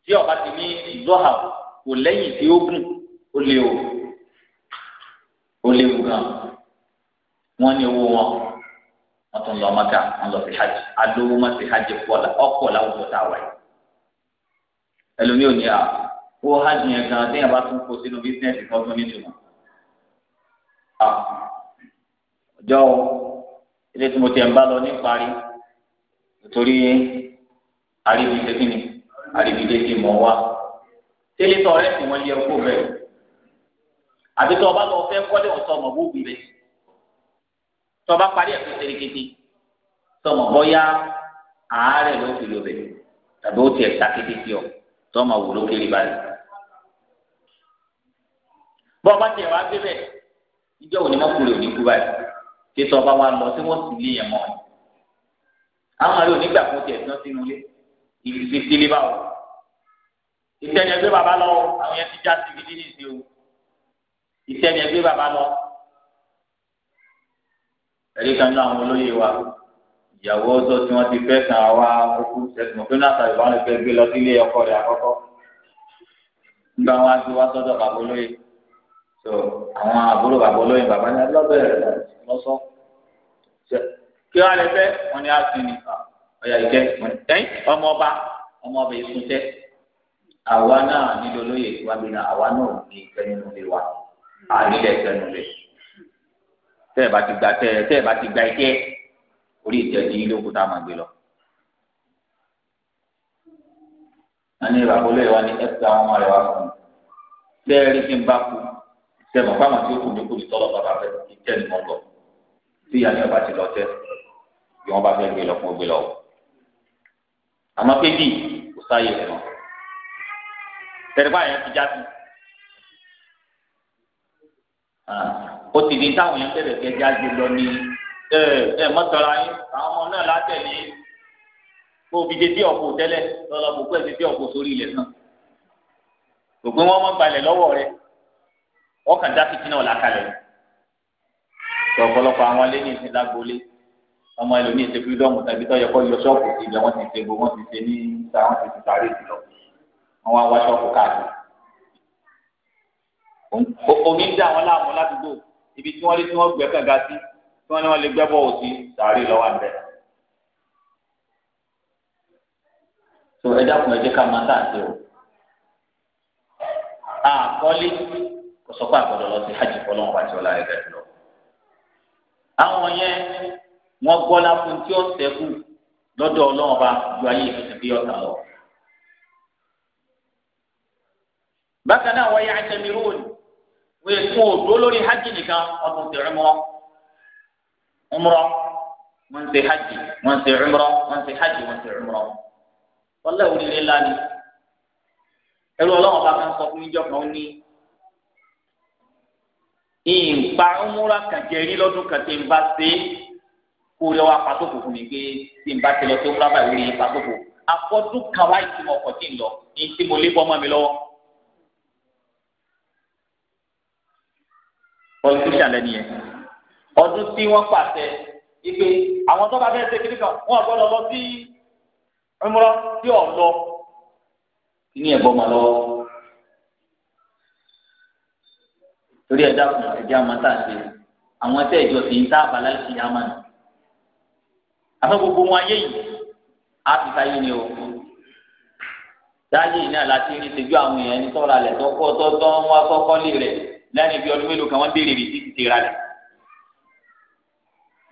tí ọba ti ní zọ́hà kò lẹ́yìn tí ó gùn ó léwu ó léwu gan wọ́n ní owó wọn wọ́n tún lọ mọ́kà wọ́n lọ sí hajj alówó má sí hajj pọ̀lá ọ̀pọ̀ láwùjọ tá a wáyé ẹlòmíì ò ní à ó hajj yẹn gan téèyàn bá tún kó sínú bísíǹsì kan tún nítumọ̀ ọjọ́ ilé tí mo tẹ̀ ń bá lọ ní parí nítorí àríbi ṣe kí ni àríbi kí mọ̀ wá tẹ́lẹ̀ tọ́ ọ̀rẹ́ tí wọ́n yẹ kó bẹ́ẹ̀ àbí tọ́ ọ bá lọ fẹ́ kọ́lé ọ̀tọ̀ ọmọ bó bẹ́ẹ̀ tọba parí ẹ̀kọ́ serikiti tọmọ bọ́yá àárẹ̀ ló fi lóbẹ̀ tàbí ó tiẹ̀ takété sí ọ tọmọ wò ló kéré báyìí. bọ́ ọba tiẹ̀ wá gbébẹ̀ ìjọ òní mọ́kùnrin òní kú báyìí tí tọba wa lọ tí wọ́n sì lé yẹn mọ́ ọ. àwọn àlọ́ onígbà kó tiẹ̀ tán sínú ilé ìrísí sílé báwò. ìtẹ̀yẹ̀ gbé bàbá lọ àwọn yẹn ti já síbi nínú ìsìn o ìtẹ̀yẹ̀ gbé bàbá lọ ẹ̀rí kan náà àwọn olóyè wa ìyàwó ọ̀sọ̀ tí wọ́n ti fẹ́ kan àwa òkú ẹ̀sìn òfin náà tàbí wọn fẹ́ gbé lọ sílé ọkọ rẹ̀ àkọ́kọ́ nígbà wọn ti wá sọ́dọ̀ bàbá olóyè tó àwọn àbúrò bàbá olóyè bàbá ní lọ́bẹ̀rẹ̀ lọ́sọ́ kí wọ́n lè fẹ́ wọn ni á ah, sin ní ọ̀yà ìjẹ́ ọmọ ọba ọmọ ọba ìsúnjẹ́ àwa náà nílò olóyè wa náà àwa náà ní ìfẹ́ nínú ilé wa àrílẹ̀ ìfẹ́ nínú ilé tẹ́ ẹ̀ bá ti gba tẹ́ ẹ̀ bá ti gba ẹ̀kẹ́ orí ìtẹ́jú ilé òkúta máa gbé lọ. wọ́n ní bàbá olóyè wa ní ẹ̀sìn àwọn ọmọ rẹ̀ wá fún un tẹ́ ẹ rí kí n bá kú tẹ́ mọ̀ fáwọn tí ó kù ní kú ní tọ́lọ̀ bàbá fẹ́ kí tẹ́ ni wọ́n tí ìyá ní ọba ti lọ tẹ́ bí wọ́n bá fẹ́ gbé lọ fún gbé lọ. àmọ́ kébì kò sáyè rẹ̀ mọ́ tẹ̀lifáà yẹn ti já sí. Ah. O ti di táwọn yẹn bẹ̀rẹ̀ gẹ́gẹ́ àgbè lọ ní ẹ ẹ mọ́tọ́ra yín àwọn ọmọ náà látẹ̀lé kó o fi dé bí ọ̀pọ̀ tẹ́lẹ̀ lọ́lọ́ bò pẹ́ bí ọ̀pọ̀ sórí ilẹ̀ náà gbogbo wọn máa gbalẹ̀ lọ́wọ́ rẹ wọ́n kàn dá fitinà ọ̀la kalẹ̀ tó ọ̀pọ̀lọpọ̀ àwọn alẹ́ ní ìsìn lágbolé ọmọ ẹlòmíì ṣe fírídọ́ọ̀mù tàbí tó yẹ kó yọ ṣọ́ọ̀pù sí ibẹ̀ wọ́n ti ṣe gbogbo wọ́n ti ṣe ní ta wọ́n ti ti parí ìlọ wọ́n wá wá ṣọ́ọ̀pù káàkiri omi ń dá wọn láàmú ládùúgbò ibi tí wọ́n lé tí wọ́n gbẹ́ kànga sí tí wọ́n ní wọ́n lè gbẹ́ bọ́ọ̀ sí sàárè lọ́wọ́ àbẹ̀. tó ẹ dákun ẹ jẹ́ ká máa tàǹtì o àkọ́lé kò sọ pé àgbọ̀dọ̀ lọ sí hajj fọlọ́wọ́n àti ọ̀la ẹ̀ka ẹ̀ lọ. àwọn yẹn wọ́n gbọ́ lápò tí ó ṣẹ́kù lọ́dọ̀ ọlọ́wọ́n bá ju ayé ìfẹsẹ̀ bí ọ̀tá lọ. bákan náà wọ́n yà á tẹ̀mí róòlù wọ́n èkó òdó lórí hajj nìkan ọdún ti umrah umrah wọ́n ti hajj wọ́n ti umrah wọ́n ti hajj wọ́n ti umrah wọ́lẹ̀ òrìlẹ̀ lánìí ẹ̀rọ ọlọ́run bá kan sọ fún ìjọ kan ní ìǹpa umrah kàjẹ́rí lọ́dún kan tí ń bá ṣe é kó lè wá pàtókò fún mi pé tí n bá ti lọ sí umrah báyìí ó lè pàtókò afọ́dún kan wáyé tí mo kọ̀ tí ń lọ politician lẹ́nu yẹn ọdún tí wọ́n pàṣẹ ipe àwọn tó bá fẹ́ ṣe kiri kan wọ́n gbọ́dọ̀ lọ sí ẹmúrọ́ sí ọ̀lọ́ ní ẹ̀bọ́n máa lọ. torí ẹ̀dá kun ẹ̀dá máa tà sí àwọn ẹ̀tẹ́ ìjọ sí ìta àbálá sí yamá ni. àfẹ́ gbogbo wọn ayé yìí á fi ta yìí ni o. dáyé yìí náà láti rí ìṣèjú àwọn èèyàn ní tọ́ra rẹ̀ tọ́kọ́ tọ́tọ́ wọn kọ́kọ́ lé rẹ̀ lẹ́yìn bí ọdún mélòó kan wọ́n béèrè rìsí ti tera rẹ̀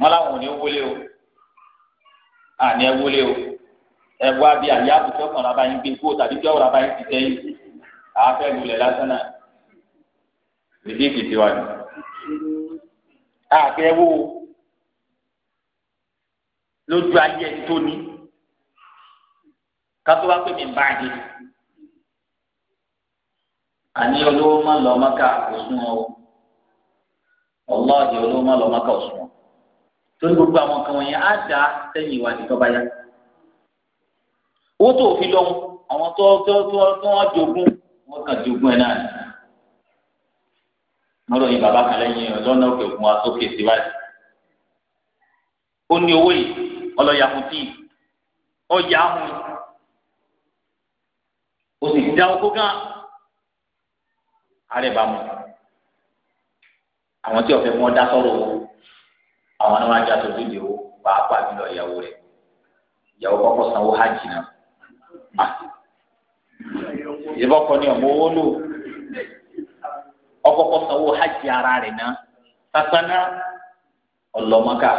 wọ́n láwọn ò ní wọlé o àní ẹ wọlé o ẹ wá bí àyà àbùtọ́ kan rà báyìí gbé kó tàbí tí ọ̀rọ̀ báyìí ti tẹ́yìn àáfẹ́ lulẹ̀ lásán náà rìsí ti tiwa ni àfẹ́ wo lójú ayé tó ní kátó wá pè mí báyìí àní olówó má lọ mọ́kà òsùn o ọlọ́ọ̀dì olówó má lọ mọ́kà òsùn o torí gbogbo àwọn kan wọ̀nyẹn á dá sẹ́yìn ìwádìí tó bá yá owó tó fi lọ́wọ́ àwọn tó tó tó tó wọ́n jogún wọ́n kàn jogún ẹ̀ náà ni wọ́n lọ́yìn bàbá kan lẹ́yìn ọlọ́nà òkè òkun wa sókè síwájú ó ní owó yìí ọlọ́yà fún tíì ọjà ahùn ó sì dá oko gan alẹ́ bá mu àwọn tí ọ̀fẹ́ fún dá sọ́rọ̀ owó àwọn náà wájú àtọ́jú ìdè owó pàápàá ìyàwó rẹ ìyàwó kọ́kọ́ sanwó hajj náà ni ọmọ owó lò ọkọ̀kọ́ sanwó hajj ara rẹ náà sasana ọlọmọka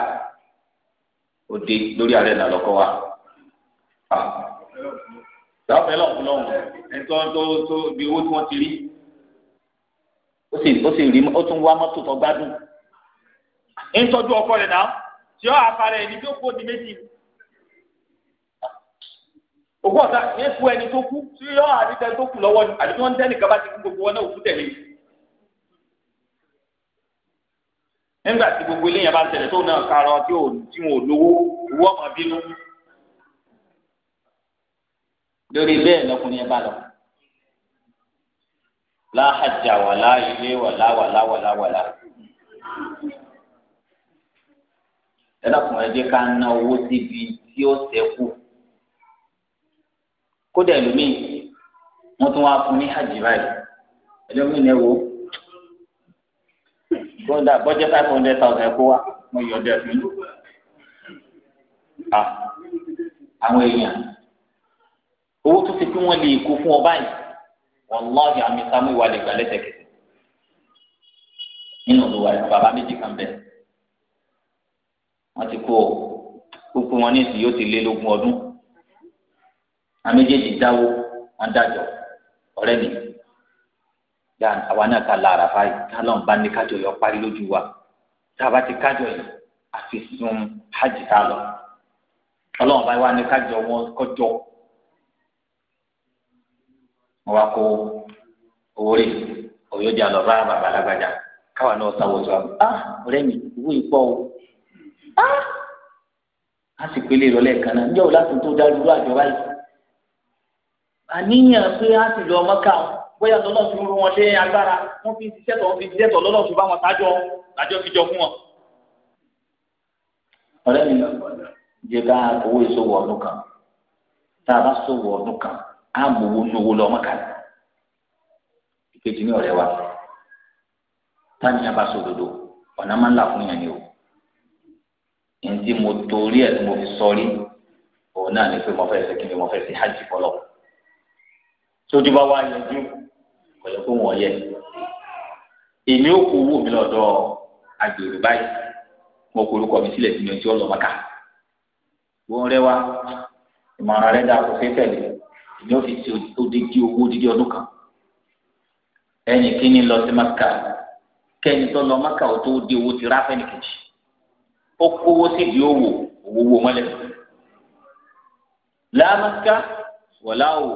òde lórí ààrẹ náà lọkọ wa ó sì ó sì rí ó tún wá mọ́tò tó gbádùn ń tọ́jú ọkọ rẹ̀ náà tí ó àfarẹ̀ ẹni tó kó di méjì òkú ọ̀tá yẹn kú ẹni tó kú tí ó àdìtẹ́ tó kù lọ́wọ́ ni àdìtẹ́ wọn tẹ́nìkan bá ti kú gbogbo wọn náà òkú tẹ̀lé nígbà tí gbogbo eléyàn bá ń tẹ̀lé tó náà karọ tí ò tí wọn ò lówó owó ọmọ bínú lórí bẹ́ẹ̀ lọkùnrin yẹn bá lọ láhàjà wàlá ilé wàlá wàlá wàlá wàlá. ẹlọ́kùnrin jẹ́ ká ná owó síbi tí ó ṣẹ́kù kódà ẹlòmíì wọ́n tún wá fún ní hajj báyìí ẹlòmíì náà wò kódà bọ́jẹ́ five hundred thousand ẹ̀kọ́ wa mo yọ ọdẹ fún un. Ah, àwọn èèyàn owó tó ti pín wọn lè kó fún ọ báyìí wàláhì àmì sámú ìwà lè gbà lẹ́sẹ̀kẹsẹ̀ nínú olùwà bàbá méjì kan bẹ̀ wọ́n ti kó kúkú wọn ní ìsìn yóò ti lé lógún ọdún àméjèèjì dáwó wọn dájọ ọ̀rẹ́ mi yá àwa náà ká la àràfà yìí ká lọ́n bá ní kájọ yọ parí lójú wa tá a bá ti kájọ yìí àfi sun hajj tá lọ ọlọ́run bá wà ní kájọ wọn kọjọ. wọn wá kó owó rè di alọ bá bàbá alágbájá káwa náà sáwọ sọ ah ọ̀rẹ́ mi owó yìí o ah a sì pélé kan náà wo láti tó dájú lọ àjọ báyìí àníyàn pé a sì lọ bóyá lọ́nà tó wọn agbára fi bá wọn sájọ lájọ́ fi jọ fún wọn. mi owó ìṣòwò ọdún kan tá amòwò ní owó lọ́mọ kan ìkejì ní ọ̀rẹ́ wa táyà bá sòdodo ọ̀nà máa ń là fún yẹn o ntí mo torí ẹ̀ tí mo fi sọrí òun náà ní pé mo fẹ́ ṣe kí ni mo fẹ́ ṣe hajj fọlọ́ sójú bá wá yẹjú kò yẹ kó wọ́n yẹ èmi ò kó owó mi lọ́dọ̀ agbèrè báyìí mo kó orúkọ mi sílẹ̀ sí mi tí ó lọ́mọ ká wọ́n rẹ́ wa ìmọ̀ràn rẹ̀ dáa kò fẹ́ tẹ̀lé ìní ó fi ṣe odidi owó odidi ọdún kan ẹnì kíní lọ sí maka kẹ́ni tó lọ maka ò tó di owó ti rá fẹ́ni kejì ó kówó sí di owó owó owó mọ́lẹ̀ lámaka wọ̀lá òwò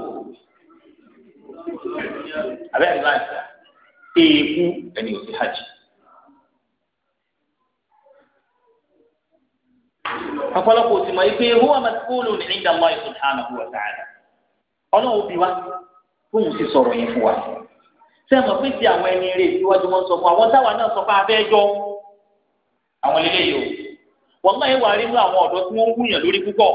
abẹ́rẹ́ báyìí èèkú ẹni ò sí hajj. ọ̀pọ̀lọpọ̀ òsì mọ̀ yìí pé huwa mas'ulun 'inda Allah subhanahu wa ta'ala ọlọ́run ó bi wá fóun sì sọ̀rọ̀ yẹn fún wa ṣé ẹ mọ̀ pé ti àwọn ẹni eré ìwájú wọn sọ fún àwọn táwa náà sọ fún abẹ́jọ́ àwọn eléyìí o wọ́n máa ń wà nínú àwọn ọ̀dọ́ tí wọ́n ń wúyàn lórí púpọ̀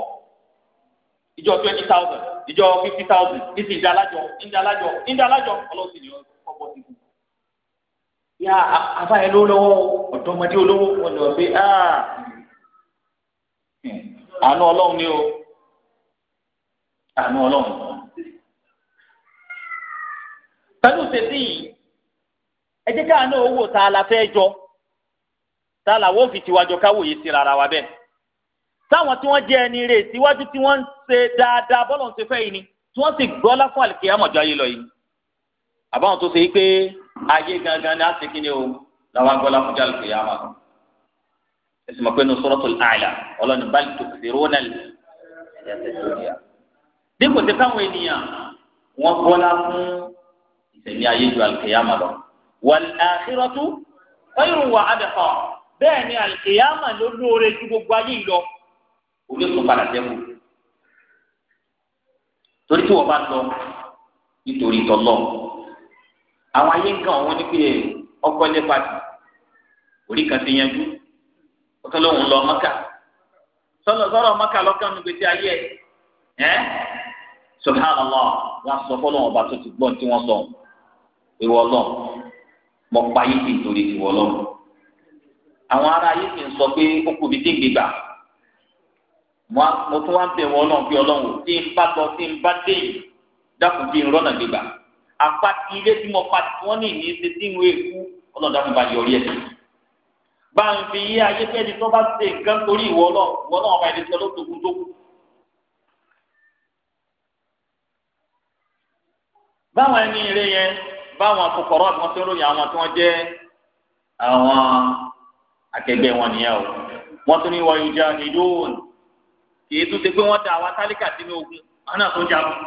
ìjọ twenty thousand ìjọ fifty thousand ní ti ìdá alájọ ìdá alájọ ìdá alájọ ọlọ́run sì ní ọkọ̀ sí i. ya afáyẹ lówó ọ̀dọ́mọdé olówó wọn lọ pé àánú ọlọ́run ni o àánú ọlọ́run pẹ̀lú ṣèṣì yìí ẹ jẹ́ káà náà owó tá a la fẹ́ jọ tá a làwọ́ fi tiwájọ káwòye sí rárá wa bẹ́ẹ̀ táwọn tí wọ́n jẹ́ ẹni rè síwájú tí wọ́n ń ṣe dáadáa bọ́lọ̀ ń ṣe fẹ́ yìí ni tí wọ́n sì gbọ́lá fún àlìkìyàmọ̀ jọ ayé lọ yìí àbáwọn tó ṣe yìí pé ayé gangan ni a ṣe kí ni o làwọn gbọ́lá fún àlìkìyàmọ̀ ẹsìn mọ̀ pé ní Suratul A'la ọlọ́ni báyìí tó ṣe rónà lè dípò tí káwọn ènìyàn wọ́n ìsẹ̀mí ayé ju àlùkìyàmà lọ. wal akhiratu khayrun wa abqa bẹ́ẹ̀ ni àlùkìyàmà ló lóore ju gbogbo ayé yìí lọ òbí tó padà dẹ́kù. torí tí wọ́n bá lọ nítorí tọ́lọ́ àwọn ayé nǹkan wọn ní pé ọkọ ilé pàtì orí kan ti yanjú ọkọ lóhùn lọ mọ́kà sọ̀rọ̀ sọ̀rọ̀ mọ́kà lọ́kàn mi gbèsè ayé ẹ̀ subhanallah wọn sọ fọlọ́wọn ọba tó ti gbọ́n tí wọ́n sọ ìwọ lọ mọ pa yìí kì í torí ìwọ lọ àwọn ará yìí kì í sọ pé ó kù mí dégbè gbà mo tún wá ń bẹ wọn Ọlọ́run bí Ọlọ́run tí n bá lọ tí n bá dé yìí dákun bí n rọnà gbégbà apá ti ilé tí mo pa wọn ní ìní ṣe tí n wé kú Ọlọ́run dákun bá yọrí ẹ bá ń fi yé ayé fẹni tó bá ṣe nǹkan torí ìwọ Ọlọ́run ìwọ náà ọba ìdíje lóṣogùn tó kù. báwọn ẹni rẹ yẹn báwọn afọkọ̀rọ̀ tí wọ́n ti ń ròyìn àwọn tí wọ́n jẹ́ àwọn akẹgbẹ́ wọn nìyẹn o wọ́n tún ní wọ́n yóò jẹ́ ìdóhùn kì í tún ṣe pé wọ́n da àwa tálíkà sínú ogun àwọn náà tó jagun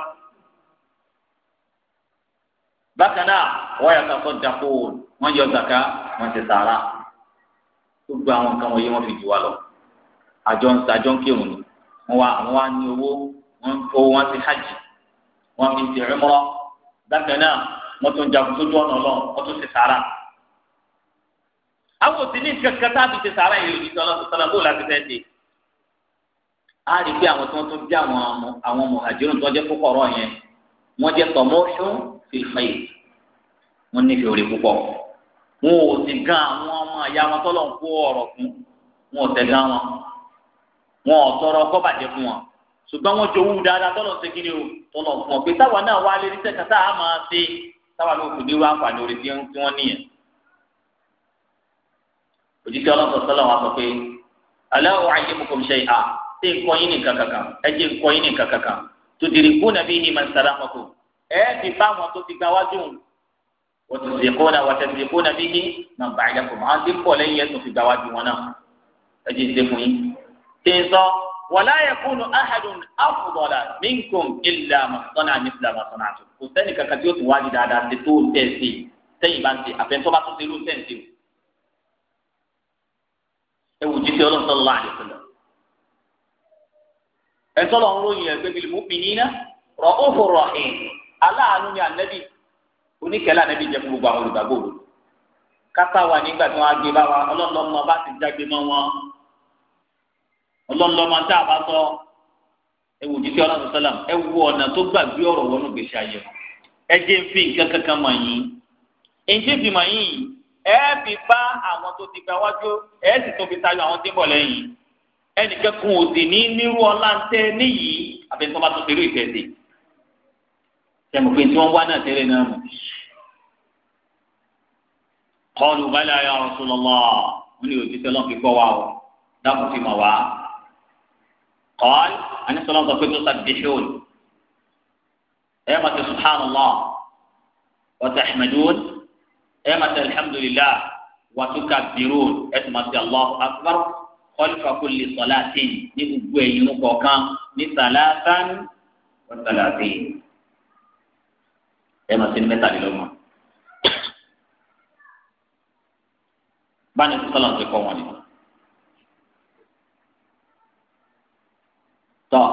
bákan náà wọ́n yàtọ̀ sọ dako wọ́n yọ zaka wọ́n ti sàrà gbogbo àwọn nǹkan wọ̀nyí wọ́n fi jù wá lọ àjọ àjọ ń kírun ni wọ́n wá àwọn wá ní owó wọ́n fowó wọ́n ti hajj wọ́n fi ti rímọ́ bákan náà wọ́n tún jagun sójú ọ̀nà ọlọ́run wọ́n tún ṣe sàárà. àwọn òsì ní kankan táàbì ṣe sàárà yìí òjijì ọlọ́run sọ̀rọ̀ bó la ti fẹ́ ṣe. a rí i pé àwọn tí wọ́n tún bí àwọn àwọn mùhàjírùn tó jẹ́ kókọ̀rọ̀ yẹn wọ́n jẹ́ tọ̀mọ́ṣún fìfẹ́yì wọ́n nífẹ̀ẹ́ orí púpọ̀ wọn ò sì gan àwọn ọmọ àyà wọn tọ́lọ̀ ń kó ọ̀rọ̀ fún wọn ò tẹ̀ gan wọn wọn ò tọrọ kọ́bàjẹ́ fún wọn ṣùgbọ́n wọ́n jowú dáadáa tọ́lọ̀ ṣe kí ni o tọ́lọ̀ fún ọ táwọn ló fi dérú àǹfààní orí tí wọ́n níyẹn. òjíṣẹ́ ọlọ́sọ̀ sọ́lá wa sọ pé alẹ́ ò àyè mú kòmṣẹ́ ìhà ṣé nǹkan yín nìkan kankan ẹ jẹ́ nǹkan yín nìkan kankan tòdìrí kú nàbí yìí máa ń sara mọ́tò ẹ ti fáwọn tó ti gba wájú wọ́n ti sè kó náà ti sè kó nàbí yìí máa bàjẹ́ kò máa ń pọ̀ lẹ́yìn ẹ̀ tó fi gba wájú wọn náà ẹ jẹ́ ìṣe fún yín. ṣé ń sọ wàlá yakunu ahadun afdala minkum illa mọ̀tọ́nà nípìlà mọ̀tọ́nà àtò kò sẹ́ni kankan tí ó ti wájú dáadáa ṣe tó tẹ̀ sí i sẹ́yìn bá ń ṣe àfẹ́ntọ́ bá tún ṣe ló ń tẹ̀ sí o. ẹ wù jíṣẹ́ ọlọ́run sallallahu alaihi wasallam ẹ tọ́lọ̀ ń ròyìn ẹgbẹ́ bíi mu'minina ra'ufur rahim aláàánú ni ànẹ́bí oníkẹ́lẹ́ ànẹ́bí jẹ́ fún gbogbo àwọn olùgbàgbọ́ kátà wà nígbà tí wọ́n á ọlọ́nlọ́mọ tá a bá sọ ewu jíjẹ́ ọlọ́run sálàm ẹ wo ọ̀nà tó gbàgbé ọ̀rọ̀ wọnú gbèsè ayé o ẹ jẹ́ ń fi nǹkan kankan mọ̀ yín ẹ̀jẹ̀ fi mọ̀ yín ẹ fi bá àwọn tó ti gba wájú ẹ sì tún fi tayọ àwọn tí ń bọ̀ lẹ́yìn ẹnìkan kún òsì ní nírú ọlá ń tẹ níyìí àbẹ̀tọ́ bá tún ṣerú ìtẹ̀sí tẹmọ̀pé tí wọ́n wá náà tẹ́lẹ̀ náà mọ̀. kọlù bala ya Rasulullah wọn ni òjì sẹlọ́n fi kọ́ wa o dáàbò fi mọ̀ wá. قال أن صلى الله عليه وسلم تسبحون أيما سبحان الله وتحمدون أيما الحمد لله وتكبرون أيما الله أكبر خلف كل صلاة نبوي وكان نثلاثا وثلاثين إما سنمتا للأمة بني صلى الله tọ́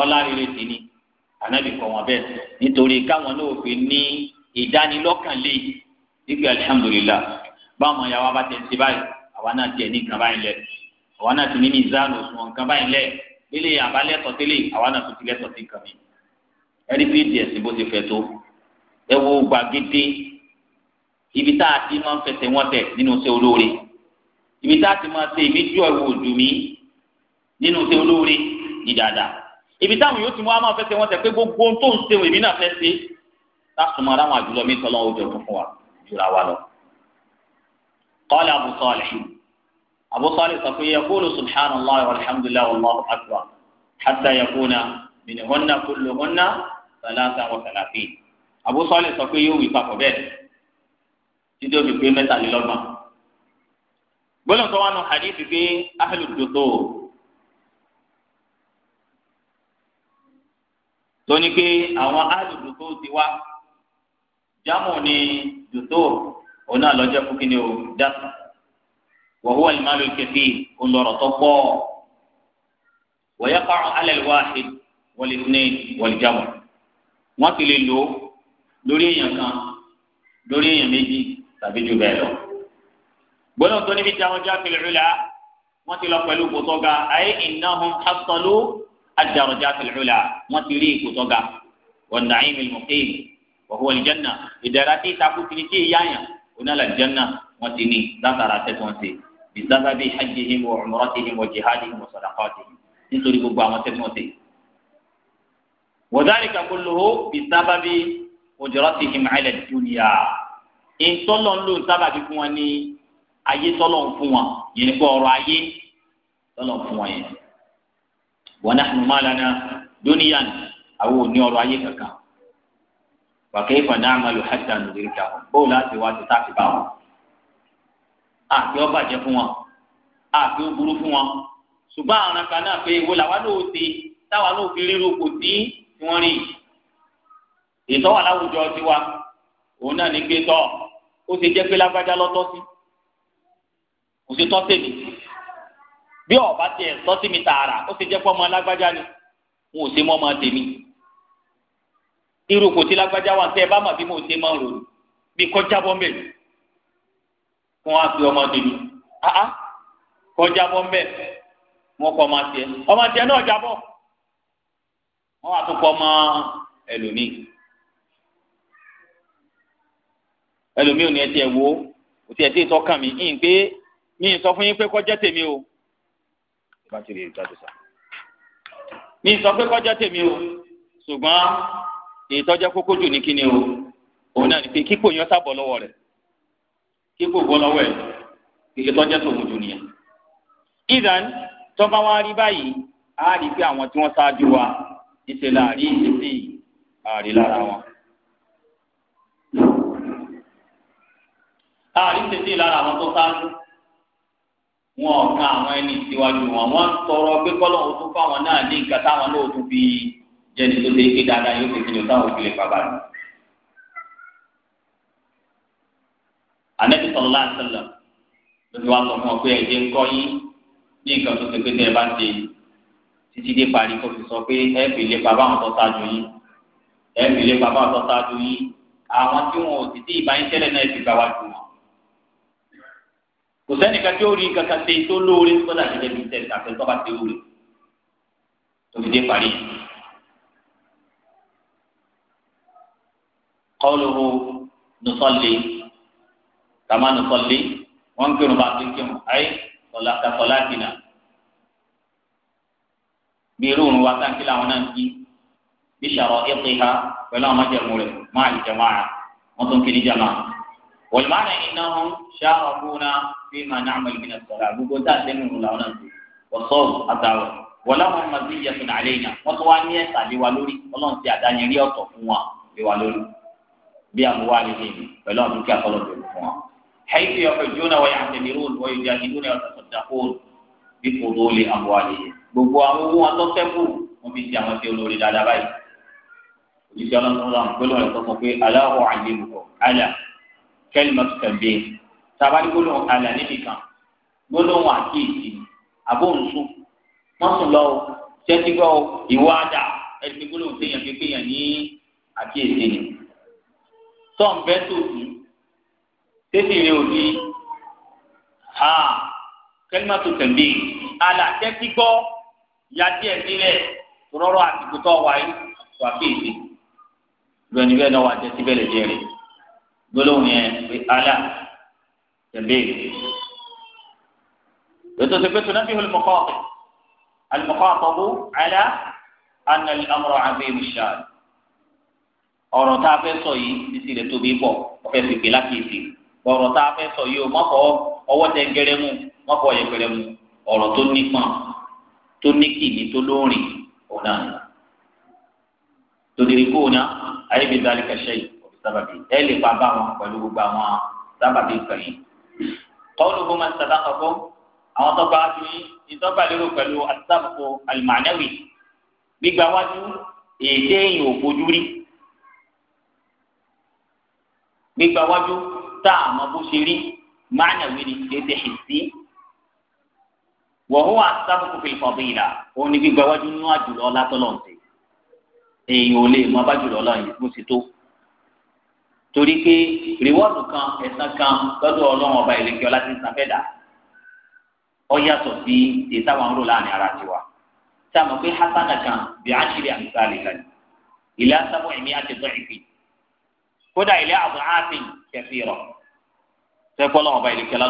ọlá rere sì ni ànábì kọ́ wọn bẹ́ẹ̀ nítorí káwọn náà fi ní ìdánilọ́kànlé ìgbé alihamudulilá báwọn yàrá bá tẹ̀ sí báyìí àwa náà tẹ̀ ní nǹkan báyìí lẹ̀ àwa náà ti ní mizan òṣùwọ̀n nǹkan báyìí lẹ̀ ilé àbálẹ́tọ̀ tẹ́lẹ̀ àwa náà tó ti lẹ́tọ̀ sí nǹkan mi ẹni bí ìdí bó ti fẹ́ tó ẹ wo gbàgede ibi tá a ti máa ń fẹsẹ̀ wọn tẹ̀ nínú iṣẹ́ olóore ibi tá a ti máa ṣe ìmíjú ọ̀wọ̀ òdùnmí nínú ṣe olóore ní dáadáa ibi táwọn yóò ti mú a máa fẹsẹ̀ wọn tẹ̀ pé gbogbo ohun tó ń ṣe èmi náà fẹ́ ṣe lásùnmọ́ aráwọn àjùlọ mi tọ́lọ́ ojú ọ̀tún fún wa jura wa lọ. qala Abu Salih Abu Salih sọ pé yaqulu subhanallah walhamdulillah wallahu akbar hatta yakuna minhunna kulluhunna salasa wa salafin Abu Salih sọ pé yóò wí papọ̀ bẹ́ẹ̀ títí ó pé mẹ́tàlélọ́gbọ̀n gbọ́dọ̀ tó wà nù hadith tóní pé àwọn alùdókò ti wá jámù ní dòtó òun náà lọ́jọ́ fún kí ni o dàtú wọ̀húwà ní máa ló kẹfì olùrọ̀ tó pọ̀ wọ̀yẹ́ kọ́rọ̀ alẹ́ wáhid wọlé ní wọlé jámù wọ́n ti lè lò ó lórí èèyàn kan lórí èèyàn méjì tàbí jù bẹ́ẹ̀ lọ. gbọ́dọ̀ tó níbi jáwọn jákèlè rẹ̀ la wọ́n ti lọ pẹ̀lú kòtọ́ga ayé ìnáhùn hasalu ad-darajatil ula wọ́n ti rí ipò tó ga wan na'imil muqim wa huwa al-janna ìdára tí ìtakú kiri tí ìyá yàn oná la janna wọ́n ti ní látara tẹ́tí wọ́n ti bí sábàbí hajjihim wa umratihim wa jihadihim wa sadaqatihim nítorí gbogbo àwọn tẹ́tí wọ́n ti. wa dhalika kulluhu bí sábàbí ujratihim ala ad-dunya ìtọ́lọ̀ ń lò sábàbí fún wọn ní ayé tọ́lọ̀ ń fún wọn yẹn ní kó ọrọ̀ ayé tọ́lọ̀ ń fún wọn yẹn wa nahnu ma lana dúníyàn àwọn ò ní ọrọ̀ ayé kankan wa kayfa na'malu hatta nudrika bóò láti wá ti táàkì bá wọn. àti ó bàjẹ́ fún wọn àti ó burú fún wọn ṣùgbọ́n àwọn kan náà pé ìwo làwa náà ó ti táwa náà fi ríru kò tí tí wọ́n rí ìtọ́wà láwùjọ tiwa òun náà ní gbé tọ́ ó ti jẹ́ pé lágbájá lọ́tọ́ sí kò sí tọ́ tèmi bí ọba tiẹ̀ sọ sí mi tààrà ó ti jẹ́ pọ́ ọmọ alágbájá ni wọn ò ṣe mọ́ ọmọ tèmi irú kò tí lágbájá wa tẹ́ ẹ bá mà bí mo ṣe máa ń rò bí kọjá bọ́ mbẹ́ wọn á fi ọmọ tèmi áá ah, ah, kọjá bọ́ mbẹ́ wọn kọ ọmọ tiẹ̀ ọmọ tiẹ̀ náà jábọ̀ wọn á tún kọ ọmọ ẹlòmíì ẹlòmíì ò ní ẹ tiẹ̀ wo kò tiẹ̀ tí ì kàn mí yín pé yín sọ fún yín pé kọjá tèmi o láti lè jáde sá. mi sọ pé kọjá tèmi o ṣùgbọ́n ìtọ́jẹ́ kókó jù ní kíni o òun náà ní pé kíkó yan sábọ̀ lọ́wọ́ rẹ̀ kíkó bọ́ lọ́wọ́ ẹ̀ ìtọ́jẹ́ tòun jù nìyẹn. ìdán tọ́ba wa rí báyìí a rí pé àwọn tí wọ́n ṣáájú wa ìṣẹ̀lẹ̀ àrí ìṣesí àrí lára wọn. àrí ìṣesí lára àwọn tó ṣáájú wọn ọ̀ka àwọn ẹni ìsíwájú wọn wọn ń tọrọ pé kọ́lọ́n ó tún fáwọn náà ní nǹkan táwọn náà ó tún fi jẹni tó ṣe ké dáadáa yóò fi fi yàn táwọn òbí lè fa báyìí. Ànábì sallallahu alaihi wasallam ló ti wá sọ fún ọ pé ẹ̀jẹ̀ ń kọ́ yín ní nǹkan tó ṣe pé tẹ́ ẹ bá ṣe títí dé parí tó fi sọ pé ẹ fi lè bàbá àwọn tó ṣáájú yín ẹ fi lè bàbá àwọn tó ṣáájú yín àwọn tí wọn ò وثاني كجوري كاتي تولوري ولا هي بيتر كاتي تو باتي وري تو دي باري قوله نصلي كما نصلي ممكن بعض يمكن اي صلاة صلاتنا بيرون واتان كلا ونانكي بشرائطها ولا مجر مولد مع الجماعة مطمكن جماعة والمعنى انهم شاربونا bí màá ní àmàlù bí nàìjíríà gbogbo tá a ṣe nínú làwọn náà tó wọ́sọ́ọ̀bù àtàwọn wọ́n láwọn ọmọ sí ìyẹ̀fun àlẹ́ yìí wọ́n tún wá ní ẹ̀sà wa lórí ọlọ́run ti àdáyẹn rí ọ̀tọ̀ fún wa lé wa lórí bí àmúwá lè lè mi pẹ̀lú àwọn dúkìá tọ́lọ̀ bẹ̀rù fún wa. حيث يحجون ويعتمرون ويجاهدون ويتصدقون بفضول أموالهم gbogbo àwọn owó wọn tó ṣẹ́kù wọn fi ṣe àwọn tí olórí dáadáa báyìí òṣìṣẹ́ ọlọ́run tó ń gbólóhùn ẹ̀ tó sọ pé aláwọ̀ àlébùkọ̀ àlà kẹ́lìmọ̀tì tẹ̀lé tabali gbólóhùn kalẹ̀ níbi kan gbólóhùn àkíyèsí àbóǹsù mọ́sùn lọ o tẹ́tígbọ́ o ìwọ́ àdá ẹgbẹ́ gbólóhùn téèyàn fi péyàn ní àkíyèsí ni. tọ́ǹbẹ́ tòsí tẹ́tì rẹ ò di ha kẹ́límà tó tẹ̀lé àlà tẹ́tígbọ́ ya díẹ̀ sílẹ̀ rọ́rọ́ àtìkú tó wáyé tó àkíyèsí lọ́nibẹ́ náà wà tẹ́tí bẹ́ẹ̀ lè jẹ́rìí gbólóhùn yẹn pé جميل وتثبت نفيه المخاطب المخاطب على أن الأمر عظيم الشأن ọ̀rọ̀ tá a fẹ́ sọ yìí títí rẹ̀ tóbi bọ̀ ọ̀fẹ́ sì gbé lákèsí ọ̀rọ̀ tá a fẹ́ sọ yìí o mọ̀kọ́ ọwọ́ tẹ gẹrẹ mu mọ̀kọ́ yẹ gẹrẹ mu ọ̀rọ̀ tó nípọn tó níkìní tó lóòrìn ọ̀nà tòdìrí kó o ná ayébi dalí kẹsẹ́ yìí ọ̀bí sábàbí ẹ lè pa bá wọn pẹ̀lú gbogbo àwọn sábàbí kan yìí qawluhu man sabaqakum àwọn tó gba wájú yín ìtọ́gbà lérò pẹ̀lú àtàkùn àlùmánẹ́wì gbígba wájú èdè èyàn ò fojú rí gbígba wájú tá a mọ bó ṣe rí mánẹ́wì ni èdè hìsí wọ̀hún àtàkùn fil fadila òun ni gbígba wájú nínú àjùlọ látọ̀lọ́ǹtì èyàn ò lè mọ abájùlọ lọ́yìn bó ṣe tó torí pé rìwọ́ọ̀dù kan ẹ̀san kan lọ́dọ̀ ọlọ́run ọba ìlẹ́kẹ́ ọlá ti ń san fẹ́dà ọ yàtọ̀ sí ìtawà ń rò láàrin ara tiwa tá a mọ̀ pé hasana kan bí a ṣe lè àmìta lè lẹ́nu ìlà sábọ̀ ẹ̀mí àtẹ̀tọ̀ ìpè kódà ìlà àbọ̀ áàfin kẹfì rọ̀ sẹ́kọ́ ọlọ́run ọba ìlẹ́kẹ́ ọlá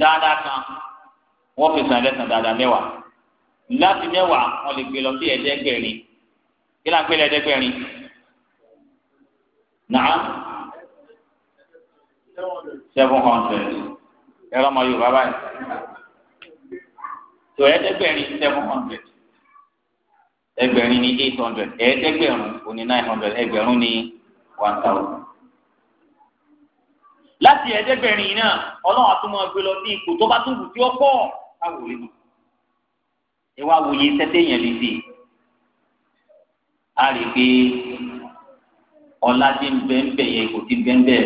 dáadáa kan wọ́n fi sàn lẹ́sàn dáadáa mẹ́wàá láti mẹ́wàá wọ́n lè gbé lọ sí ẹ̀ẹ́dẹ́gbẹ̀rin kí nàá seven hundred ẹ̀rọ ọmọ yorùbá báyìí tó ẹ̀ẹ́dẹ́gbẹ̀rin seven hundred ẹgbẹ̀rin ní eight hundred ẹ̀ẹ́dẹ́gbẹ̀rún ó ní nine hundred ẹgbẹ̀rún ní one thousand. láti ẹ̀ẹ́dẹ́gbẹ̀rin náà ọlọ́run àtúmọ̀ ẹgbẹ́ lọ sí ipò tó bá tún kù tí ó pọ̀ káwọ́ lé ẹ wá wòye sẹ́tẹ̀yìn lè dé a lè gbé ọlá tí ń bẹ ń bẹ yẹ kò tí ń bẹ ń bẹ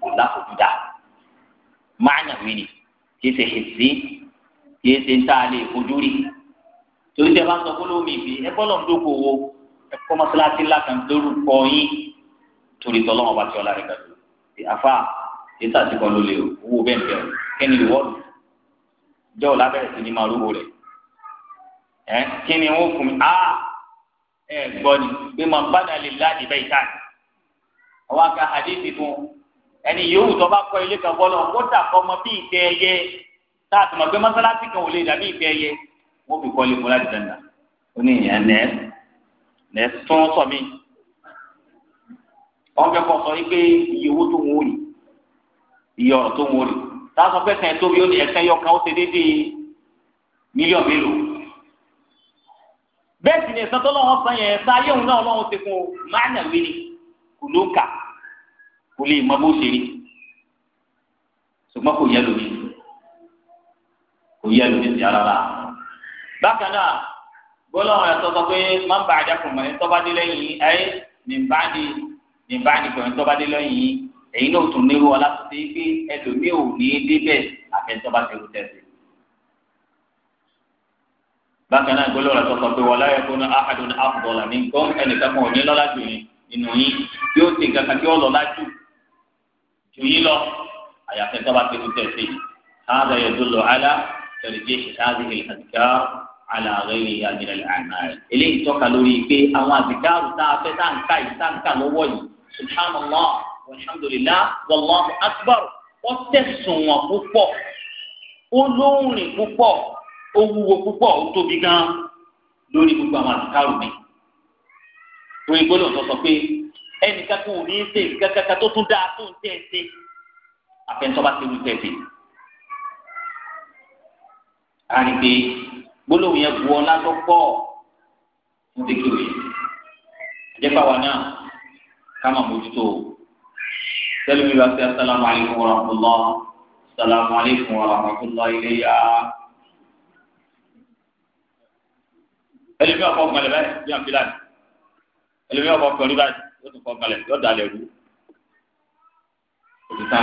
kò láfojúdà máàyà mi ni kì í ṣe èsì kì í ṣe ń tá a lè fojú rí torí tẹ bá ń sọ pé lómi ìbí ẹ bọ́ lọ́n dóko wo ẹ kọ́ mọ́sálásí lákàn lórúkọ yín torí tọ́lọ́mọ bá ti ọ̀la rẹ̀ gàdú àfa ètò àti kan ló owó bẹ́ẹ̀ bẹ́ẹ̀ kí ni ìwọ́dù jẹ́ ọ̀la sí ni máa rúbo rẹ̀ ẹ kí ni wọ́n fún mi á ẹ gbọ́ pé màá bá dàlẹ́ láàdì bẹ́ẹ̀ táyì ọwọ́ aka hadithi fún ẹni yòówù tó bá kọ́ ilé kan bọ́lọ̀ kó dà kọ́ ọmọ bí ìtẹ́ ẹyẹ tá a ti mọ̀ pé mọ́sálásí kan ò lè dà bí ìtẹ́ ẹyẹ wọ́n fi kọ́ ilé fún láti dàgbà ó ní ìyẹn nẹ́ẹ̀ nẹ́ẹ̀ tún sọ mí wọ́n fẹ́ kọ́ sọ yí pé iye owó tó ń wò ní iye ọ̀rọ̀ tó ń wò tá a sọ pé ẹ̀sán tóbi ó ní ẹ̀sán yọ kan ó ṣe déédéé mílíọ̀nù mélòó bẹ́ẹ̀ sì ni ẹ̀sán tó lọ́wọ́ san yẹn ẹ̀sán ayé náà lọ́wọ́ ti fún o máa nà wí ni. Kuluka, ló kà kò lè mọ bó ṣe rí ṣùgbọ́n kò yẹ lómi kò yẹ lómi sí ara rà bákan náà gbọ́dọ̀ wọn yàtọ̀ sọ pé má ń ba àjàkùn mọ́ ẹni tó bá dé lẹ́yìn ayé nìbàdí nìbàdí pẹ̀lú tó bá dé lẹ́yìn èyí náà tún nírú ọlá tó ṣe pé ẹlòmíì ò ní débẹ̀ àfẹ́ntọ́ bá ti rú tẹ̀sí bákan náà gbọ́dọ̀ rẹ̀ sọ̀tọ̀ pé wọ́n láyé fún ahadun afdọ́là ní kọ́ ẹnìkan kan ò ní lọ́lá jù yín nínú yín yóò ti nǹkan kan tí ó lájú ju yín lọ àyàfẹ́ tó bá ti ní tẹ̀sí هذا يدل على ترجيح هذه الأذكار على غيرها من الأعمال eléyìí tọ́ka lórí pé àwọn àdìgáàrú tá a fẹ́ tá à ń ká yìí tá à ń ká lọ́wọ́ yìí subhanallah walhamdulillah wallahu akbar ó tẹ̀sùn wọn púpọ̀ ó rìn púpọ̀ ó púpọ̀ ó tóbi gan lórí gbogbo àwọn àdìgáàrú mi ìwé gbólóhùn tó sọ pé ẹnìkan kò ní í ṣe nǹkan kankan tó tún dáa tó ń tẹ̀ ṣe àfẹnusọ bá ti wù tẹ̀ ṣe. a rí i pé gbólóhùn yẹn bu ọlá tó pọ̀ fún tẹ̀kìrì àjẹpà wa náà ká máa mójútó sẹ́lẹ̀mí bá ṣe asálámù alaykum wa rahmatullah asálámù alaykum wa rahmatullah ilé yá. ẹlẹ́mi àpọ̀ gbọ́n lẹ́bẹ̀ẹ́ bí wọ́n fi láti ẹlòmíì ọkọ kọrí báyìí yóò tún fọkànlẹ yóò dalẹ rú òtún sáà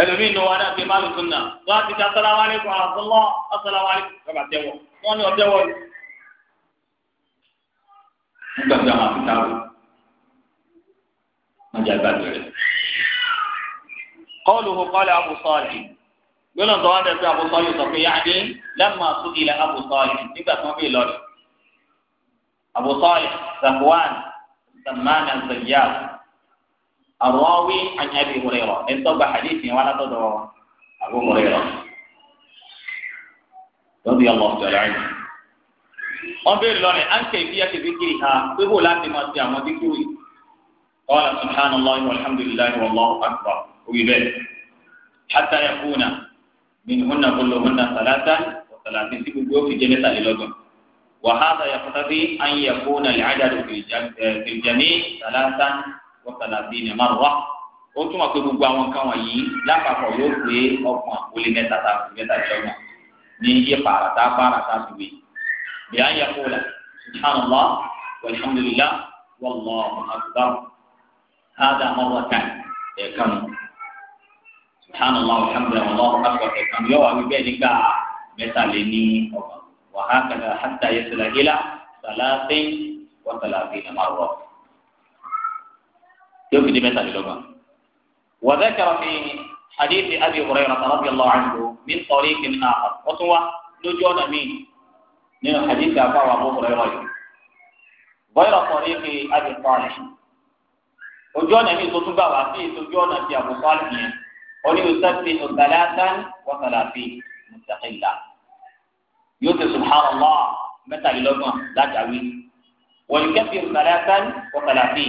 ẹlòmíì ní wàdà bíi má lùtún náà wọn ti dá sọlá wálé kó àbúlọ ọsọlá wálé kọba tẹwọ wọn ní ọtẹwọ ni. nígbà tí a máa fi táwọn wọn jẹ àgbàdo rẹ. kọ́ọ̀lù hù kọ́ọ̀lù abùsọ̀ọ̀lì gbọ́dọ̀ tó wá dẹ̀ pé lẹ́mọ̀ àtúndì ilẹ̀ abùsọ̀ọ̀lì nígbà tí wọ́n bí lọ́ọ̀lì abùsọ̀ọ̀lì zakuwan سمان الزيار الراوي عن أبي هريرة إن تبع حديثي ولا تدعو أبو هريرة رضي الله تعالى عنه wọ́n bẹ̀rẹ̀ lọ́nà à ń kẹ́ ìdí yàtọ̀ bíkiri ha pébò láti máa ṣe àwọn bíkiri qala subhanallah walhamdulillahi wallahu akbar òbí bẹ́ẹ̀ hatta yakuna minhunna kulluhunna salatan wa salatin tí gbogbo fi jẹ́ mẹ́tàlélọ́gbọ̀n. وهذا يقتضي أن يكون العدد في آه، الجميع ثلاثا وثلاثين مرة وكما كتبوا وان كان وي لا فقط يوكي أو ما قولي متى تأخذ جمع من يفعل تأخذ تأخذ بأن يقول سبحان الله والحمد لله والله أكبر هذا مرة إيه، كم سبحان الله والحمد لله والله أكبر إيه، كم يوم يبين لك متى لني أو وهكذا حتى يصل إلى ثلاث وثلاثين مرة يوم دي مثال وذكر في حديث أبي هريرة رضي الله عنه من طريق آخر وسوى نجون مين من حديث أبو هريرة غير طريق أبي صالح ojú ọ̀nà mi tó tún bá wá sí ìtòjú ọ̀nà ti àbùkọ́ àlùyẹn oníwèsàtì ọ̀gbàlátàn wọ́tàlàfíì mùsàkìlá yóò ti subhanallah mẹ́tàlélọ́gbọ̀n lájàwí wọ̀nyí kẹ́fì mẹ́lẹ́sán wọ́kàlàfì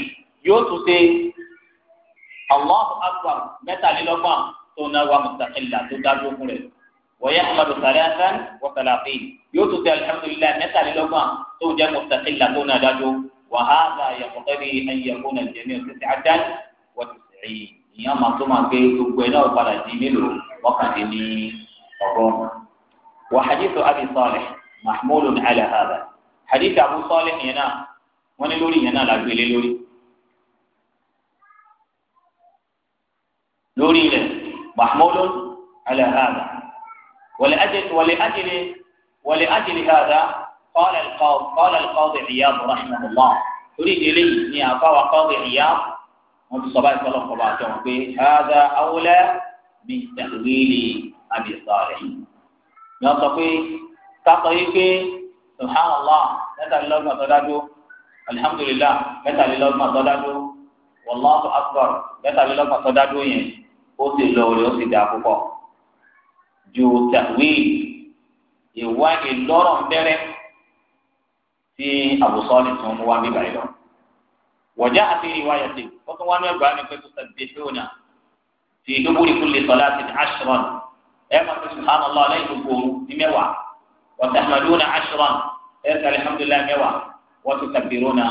yóò tún ṣe allahu akbar mẹ́tàlélọ́gbọ̀n tó ná wa mustaqilla tó dájú fún rẹ̀ wọ̀nyí ahmadu mẹ́lẹ́sán wọ́kàlàfì yóò tún ṣe alihamudulilayi mẹ́tàlélọ́gbọ̀n tó jẹ́ mustaqilla tó ná dájú wàhálà yàtọ̀tẹ́bí ayẹ̀kún ẹ̀jẹ̀mí ọ̀sẹ̀sẹ̀ àdán wọ́tẹ̀sẹ̀ yìí ìyá màtó máa gbogbo ẹ̀ náà padà di mélòó wákàtí ní ọgọ́rùn وحديث أبي صالح محمول على هذا حديث أبو صالح ينا لوري ينا لا لوري لوري لولي محمول على هذا ولأجل ولأجل ولأجل هذا قال القاضي قال القاضي عياض رحمه الله تريد لي إني أقرأ قاضي عياض وفي صباح صلى الله عليه وسلم هذا أولى من تأويل أبي صالح ni wọ́n sọ pé kakọ yìí pé subhanallah mẹ́tàlélọ́gbọ̀n tó dájú alihamdulilah mẹ́tàlélọ́gbọ̀n tó dájú wàlláhu akbar mẹ́tàlélọ́gbọ̀n tó dájú yẹn ó sì lọ rẹ̀ ó sì dà púpọ̀ ju tàwíì ìwá ìlọ́rọ̀ bẹ́rẹ̀ tí àbùsọ́ọ̀lì tún mú wá bíbá yìí lọ. wọ̀já àti ìwáyà ti ó tún wá ní ẹgbàá ní pé tó sàbẹ̀ fẹ́ ònà fi duburi kulli salatin ashran ẹ máa fi subhanallah lẹ́yìn gbogbo ní mẹ́wàá wa tahmaduna ashra ẹ sẹ alihamdulilayi mẹ́wàá wa tukabbiruna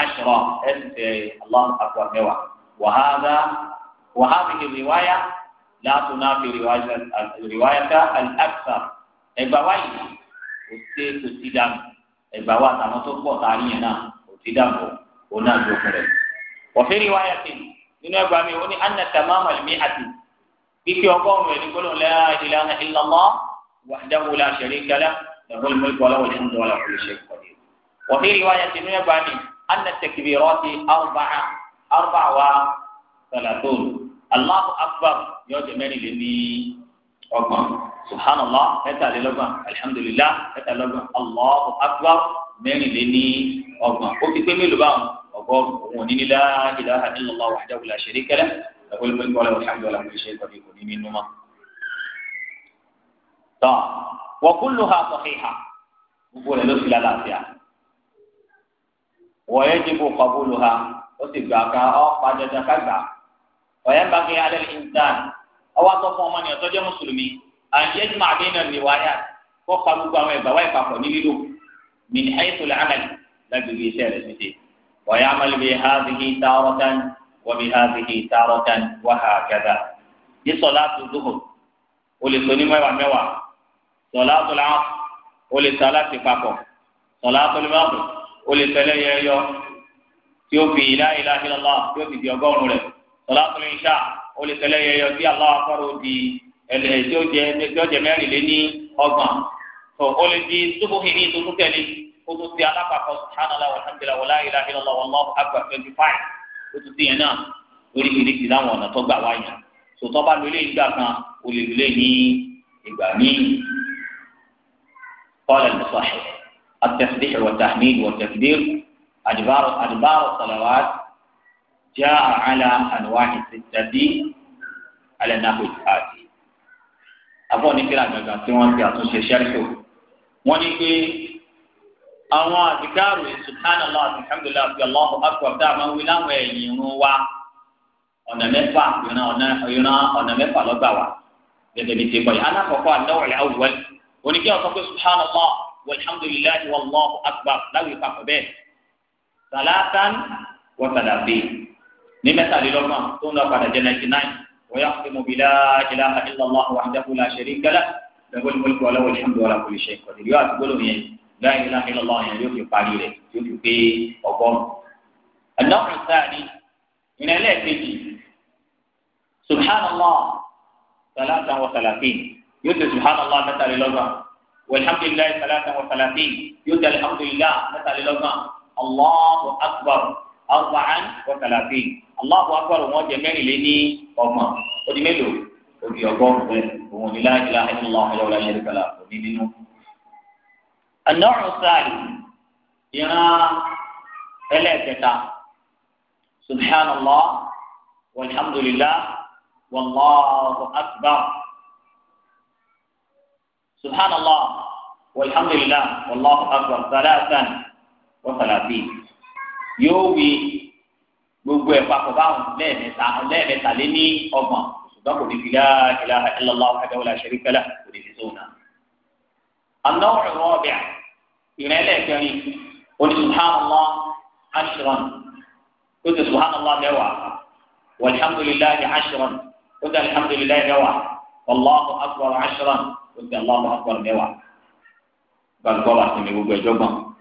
ashra ẹ sẹ Allahu akbar mẹ́wàá wa hadha wa hadhihi riwaya la tunafi riwayata al-akthar ẹgbà wáyé kò sí kò sí dànù ẹgbà wa àtàwọn tó pọ̀ tá a yẹn náà kò sí dànù òun náà ló kún rẹ̀ wọ́n fi riwaya mi ó ní anna tamama al-mi'ati kíkí ọgọ́rùn ẹni gbọ́dọ̀ la ilaha illallah wahdahu la sharika lahu lahul mulku wa lahul hamdu wa huwa ala kulli shay'in qadir. wa fi riwayatin nínú ẹgbàá mi anna takbirati arba'a arba'a wa salatun allahu akbar yóò jẹ mẹ́rin lé ní ọgbọ̀n subhanallah mẹ́tàlélọ́gbọ̀n alhamdulillah mẹ́tàlélọ́gbọ̀n allahu akbar mẹ́rin lé ní ọgbọ̀n ó ti pé mélòó báwọn ọgọ́rùn òun ò ẹ̀kọ́ ìlú ìkọ́lẹ̀ ọ̀ṣàgbọ̀ làwọn ìṣe ìkọ́lẹ̀ kò ní nínú mọ́. tọ́ wa kulluha sahiha gbogbo rẹ̀ ló fi lálàáfíà wa yajibu qabuluha ó sì gbà ká ọ́ padàdà ká gbà ọ̀yẹ́ ń bá kí alẹ́ ìntàn ọwọ́ àtọ́ fún ọmọ nìyẹn tọ́jú mùsùlùmí àyẹ̀dì máa bẹ́ẹ̀ náà níwá yá kó pa gbogbo àwọn ìbáwá ìpapọ̀ ní lílo min haythu al-amal lágbègbè iṣẹ́ rẹ̀ ti dé ọ̀yẹ́ amẹ́lẹ́bẹ̀ẹ́ وبهذه تارة وهكذا دي صلاة الظهر ولسوني ميوا ميوا صلاة العصر ولصلاة فاكو صلاة المغرب ولسلاة يو تيوفي لا إله إلا الله تيوفي دي أقول له صلاة العشاء ولسلاة يو في الله أكبر دي ẹlẹ tí لني jẹ tí ó jẹ mẹ́rin lé ní ọgbọ̀n tó o lè di subuhi ní tuntun tẹ́lẹ̀ o tún ti alápapọ̀ ó tún tìyẹn náà oríṣiríṣi láwọn ọ̀nà tó gbà wáyà sòtọ́ bá lólé ìgbà kan ó lè lólé ní ìgbà míì kọ́lẹ̀ lọ́sọ̀ọ̀ṣẹ̀ التسبيح والتحميد والتكبير أدبار أدبار الصلوات جاء على أنواع ستة على النحو الآتي أبو نكرا جاكا سيوان في أتوشي شرحه ونكي àwọn àdìgáàrò subhanallah alhamdulillah àti allahu akbar tá a máa ń wí láwọn ẹ̀yìn irun wa ọ̀nà mẹ́fà ìran ọ̀nà mẹ́fà lọ́gbà wa gẹ́gẹ́ bí ti bọ̀yì alákọ̀ọ́kọ́ anáwọ̀lẹ̀ awùwẹ́l oníkẹ́ ọ̀sán pé subhanallah walhamdulillah wallahu akbar láwùí papọ̀ bẹ́ẹ̀ salatan wa salafi ní mẹ́tàlélọ́gbọ̀n tó ń lọ padà jẹ́ ninety nine wa yahtimu bi la ilaha illallah wahdahu la sharika lahu láyé láyé lọ́wọ́ yẹn yóò fi parí rẹ̀ yóò fi pé ọgọ́rùn. ẹ̀dọ́rùn sáàdì ìrẹ̀lẹ̀ kejì subhanallah salata wa salatin yóò tẹ subhanallah mẹ́tàlélọ́gbọ̀n walhamdulilayi salata wa salatin yóò tẹ alhamdulilah mẹ́tàlélọ́gbọ̀n allahu akbar arba'an wa salatin allahu akbar wọn jẹ mẹ́rin lé ní ọgbọ̀n ó di mélòó ó di ọgọ́rùn-ún bẹ́ẹ̀ òun ni láyé láyé lọ́wọ́ yẹn lọ́wọ́ yẹn lọ́wọ́ النوع الثاني يرى ثلاثة سبحان الله والحمد لله والله أكبر سبحان الله والحمد لله والله أكبر ثلاثا وثلاثين يومي gbogbo ẹ papọ̀ báwọn lẹ́ẹ̀mẹ́ta lẹ́ẹ̀mẹ́ta lé ní ọgbọ̀n ṣùgbọ́n kò ní fi la ilaha illallah wahdahu la sharika lah kò ní fi sóun náà. النوع الرابع ينالك كريم قل سبحان الله عشرا قلت سبحان الله دوا والحمد لله عشرا قلت الحمد لله دوا والله أكبر عشرا قلت الله أكبر دوا بل قوة من يقول جوبا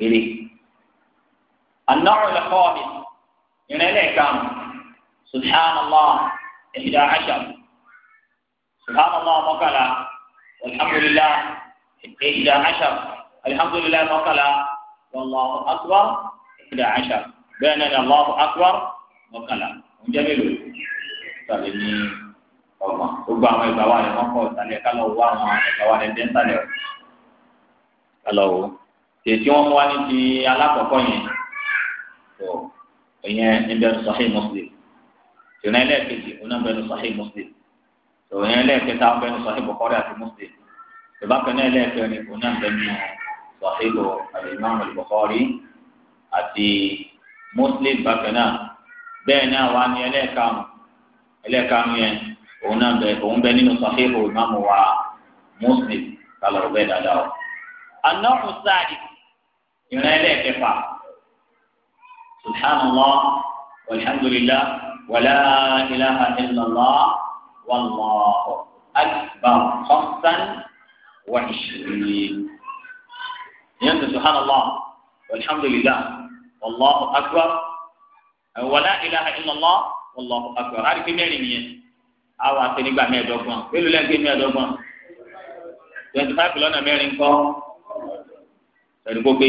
إلي النوع الخامس ينالك كام سبحان الله إحدى عشر سبحان الله مكلا والحمد لله إحدى عشر الحمد لله مكلا والله أكبر إحدى عشر بيننا الله أكبر مكلا جميل سلمي الله gbogbo àwọn ìgbàwá rẹ wọn kọ ìsàlẹ̀ kálọ wọ àwọn ìgbàwá rẹ dé ìsàlẹ̀ o kálọ wọ tètè wọn mú wa ní ti alákọ̀ọ́kọ́ yẹn tó ìyẹn níbẹ̀ sahih muslim tìrìnà ẹlẹ́ẹ̀kejì onábẹ́nu sahih muslim tó ìyẹn ẹlẹ́ẹ̀kẹta ọbẹ̀nu sahih bukhari àti muslim ìbákan náà lẹ́ẹ̀kẹrin kò náà bẹnu sàhíhù alimam al-bukhari àti muslim bákan náà bẹ́ẹ̀ náà wà ní ẹlẹ́ẹ̀karùn ẹlẹ́ẹ̀karùn yẹn òun náà bẹ òun bẹ nínú sàhíhù imam wa muslim kálọ̀ ọ̀bẹ dáadáa o. anáhùn sáàdì ìran ẹlẹ́ẹ̀kẹfà subhanallah walhamdulillah wàlá ilaha illallah wàlláhu akbar khamsan. وعشرين يعني سبحان الله والحمد لله والله أكبر ولا إله إلا الله والله أكبر هذه كمية نية أو أتني بقى مية دوبان كل لين كمية دوبان 25 لنا مية نكو سنقول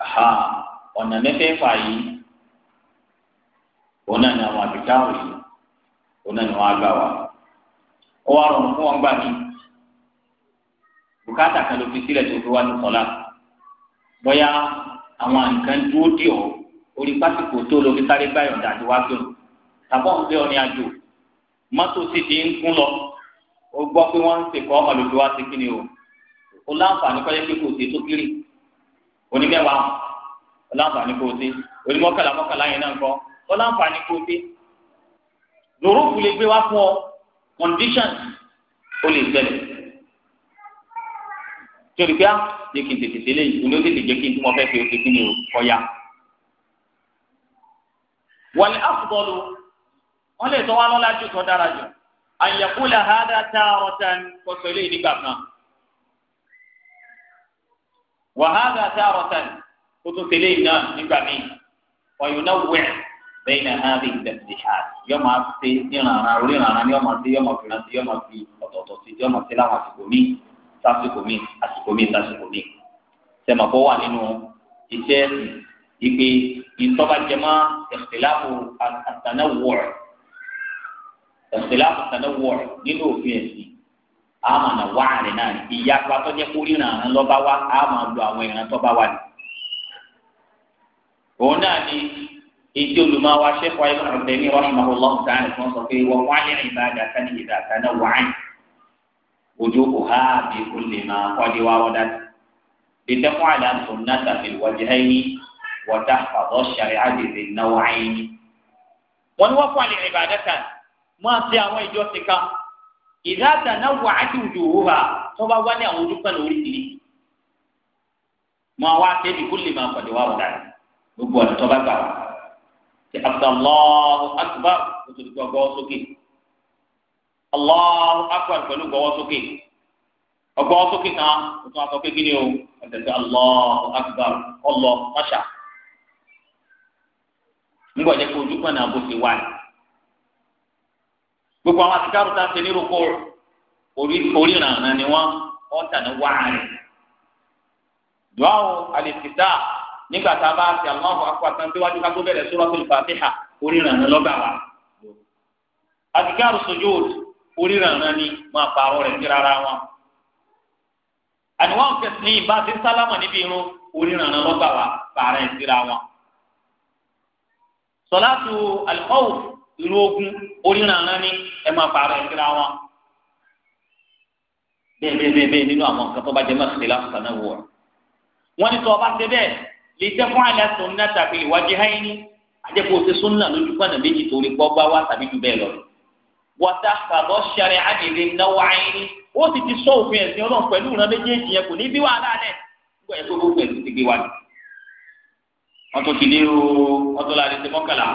ha ọ̀nà mẹ́fẹ̀ẹ̀fà yìí òun náà ni àwọn àbíkáwò yìí òun náà ni wọ́n bùkátà kan ló fi sílẹ̀ tó fi wá ní sọ́lá bóyá àwọn nǹkan dúró dì ọ́ orí pásítọ̀ tó ló fi sáré gbá yọ̀ǹda àti wá sí ọ tàbọ̀ ń gbé ọ ní àjò mọ́tò sì ti ń kún lọ ó gbọ́ pé wọ́n ń sèkọ́ ọlọ́dún wá sí kíni o ó láǹfààní kọ́jẹ́ pé kò sí tó kiri onímẹ́wàá ó láǹfààní kò sí onímọ́kànlá mọ́kànlá yẹn náà ń kọ́ ó láǹfààní kò sí lòrùkù lè gbé wá fún ọ conditions ó lè ṣẹlẹ̀ torí pé á ah, jẹ́ kí n tètè délé yìí ní ó tètè jẹ́ kí n tí mo fẹ́ fi oṣù kí ni o kọ́ya. wọ́n lè àfùbọ́ọ̀lù wọ́n lè tọ́ wá lọ́la jù tó dára jù àyẹ̀kú lè ha dá tá ọ̀rọ̀ tá kọ́sọ̀ ilé yìí nígbà kan. wà ha dá tá ọ̀rọ̀ tá kó tẹ̀lé yìí náà nígbà míì ọ̀yùn náà wẹ̀ bẹ́ẹ̀ náà hàn bíi ìdẹ̀sí ha yọ máa ṣe ìrànràn orí ìrànràn ni yọ máa ṣe yọ máa fi sásìkò mi àsìkò mi sásìkò mi sẹmọ̀kọ́ wà nínú iṣẹ́ ìgbé ìtọ́bàjẹmọ́ ẹ̀sìláàbù àtànáwọ̀rọ̀ ẹ̀sìláàbù àtànáwọ̀rọ̀ nínú òfin ẹ̀sìn àmàna wáàrin náà ìyapa tó jẹ́ kórìíran àrùn lọ́ba wa àmàna lo àwọn ìran tó bá wà ní òun náà ni ìdí olùmọ̀wá sẹ́kọ̀ọ́ ibn Uthaymeen rahimahullah ta'ala tí wọ́n sọ pé wọ́n wáyé ìbáda sani ìdá àtàná wáyé ojú kò há bí kò lè máa kọ́dé wá wọ́dá sí. Ìtẹ́kùn àdàtò náà tàbí wọ́jú ẹ̀yìn wọ́dà fàbọ̀ ṣàrẹ̀ àdèdè náwó ẹ̀yìn. Wọ́n ní wọ́n fún àlè rìn bàdá kan, máa ṣe àwọn ìjọ ti kan. Ìdáàtà náà wà á ti ha tó bá wá ní àwọn ojú kan lórí ìdílé. Máa wá ṣe bí máa kọ́dé wá wọ́dá sí. Gbogbo ọ̀dọ́ tó bá gbà wá. Ṣé Allahu akbar pẹ̀lú gbọ́wọ́ sókè kan o tún aṣọ o ọ̀tẹ̀tẹ̀ Allahu akbar ọlọ mọ́ṣà ńgbọ̀ jẹ́ kó ojú kan náà bó wá gbogbo àwọn tá a ṣe nírúkọ oríran náà ni wọ́n wọ́n ní àlèkìtà nígbà tá a bá ṣe Allahu akbar ká tó bẹ̀rẹ̀ oríranran ni máa pààrọ̀ rẹ̀ sí rárá wọn. àníwọ̀n kẹsì ní ìbá ti sálámà níbi irun oríranran lọ́gbà wa pààrọ̀ ẹ̀ síra wọn. sọ̀látù alikọ́wù irú ogun oríranran ni ẹ máa pààrọ̀ ẹ̀ síra wọn. bẹ́ẹ̀ bẹ́ẹ̀ bẹ́ẹ̀ bẹ́ẹ̀ nínú àwọn nǹkan tó bá jẹ́ máa ṣẹlẹ̀ àfọ̀sánná wọ̀. wọ́n ní sọ ọba ṣe bẹ́ẹ̀ lè jẹ́ fún àlẹ́ sọ̀nà tàbí ìwádìí háyín ní àjẹpọ̀ wàtá àbọ̀ ṣẹlẹ̀ àdìrẹ náwó àyíní ó sì ti sọ òfin ẹ̀sìn ọlọ́run pẹ̀lú ìran méjèèjì yẹn kò ní bí wàhálà rẹ̀ gbọ́ ẹ̀ tó gbogbo ẹ̀sìn ti gbé wa ni. wọ́n tún ti ní o wọ́n tún láti ṣe mọ́kànlá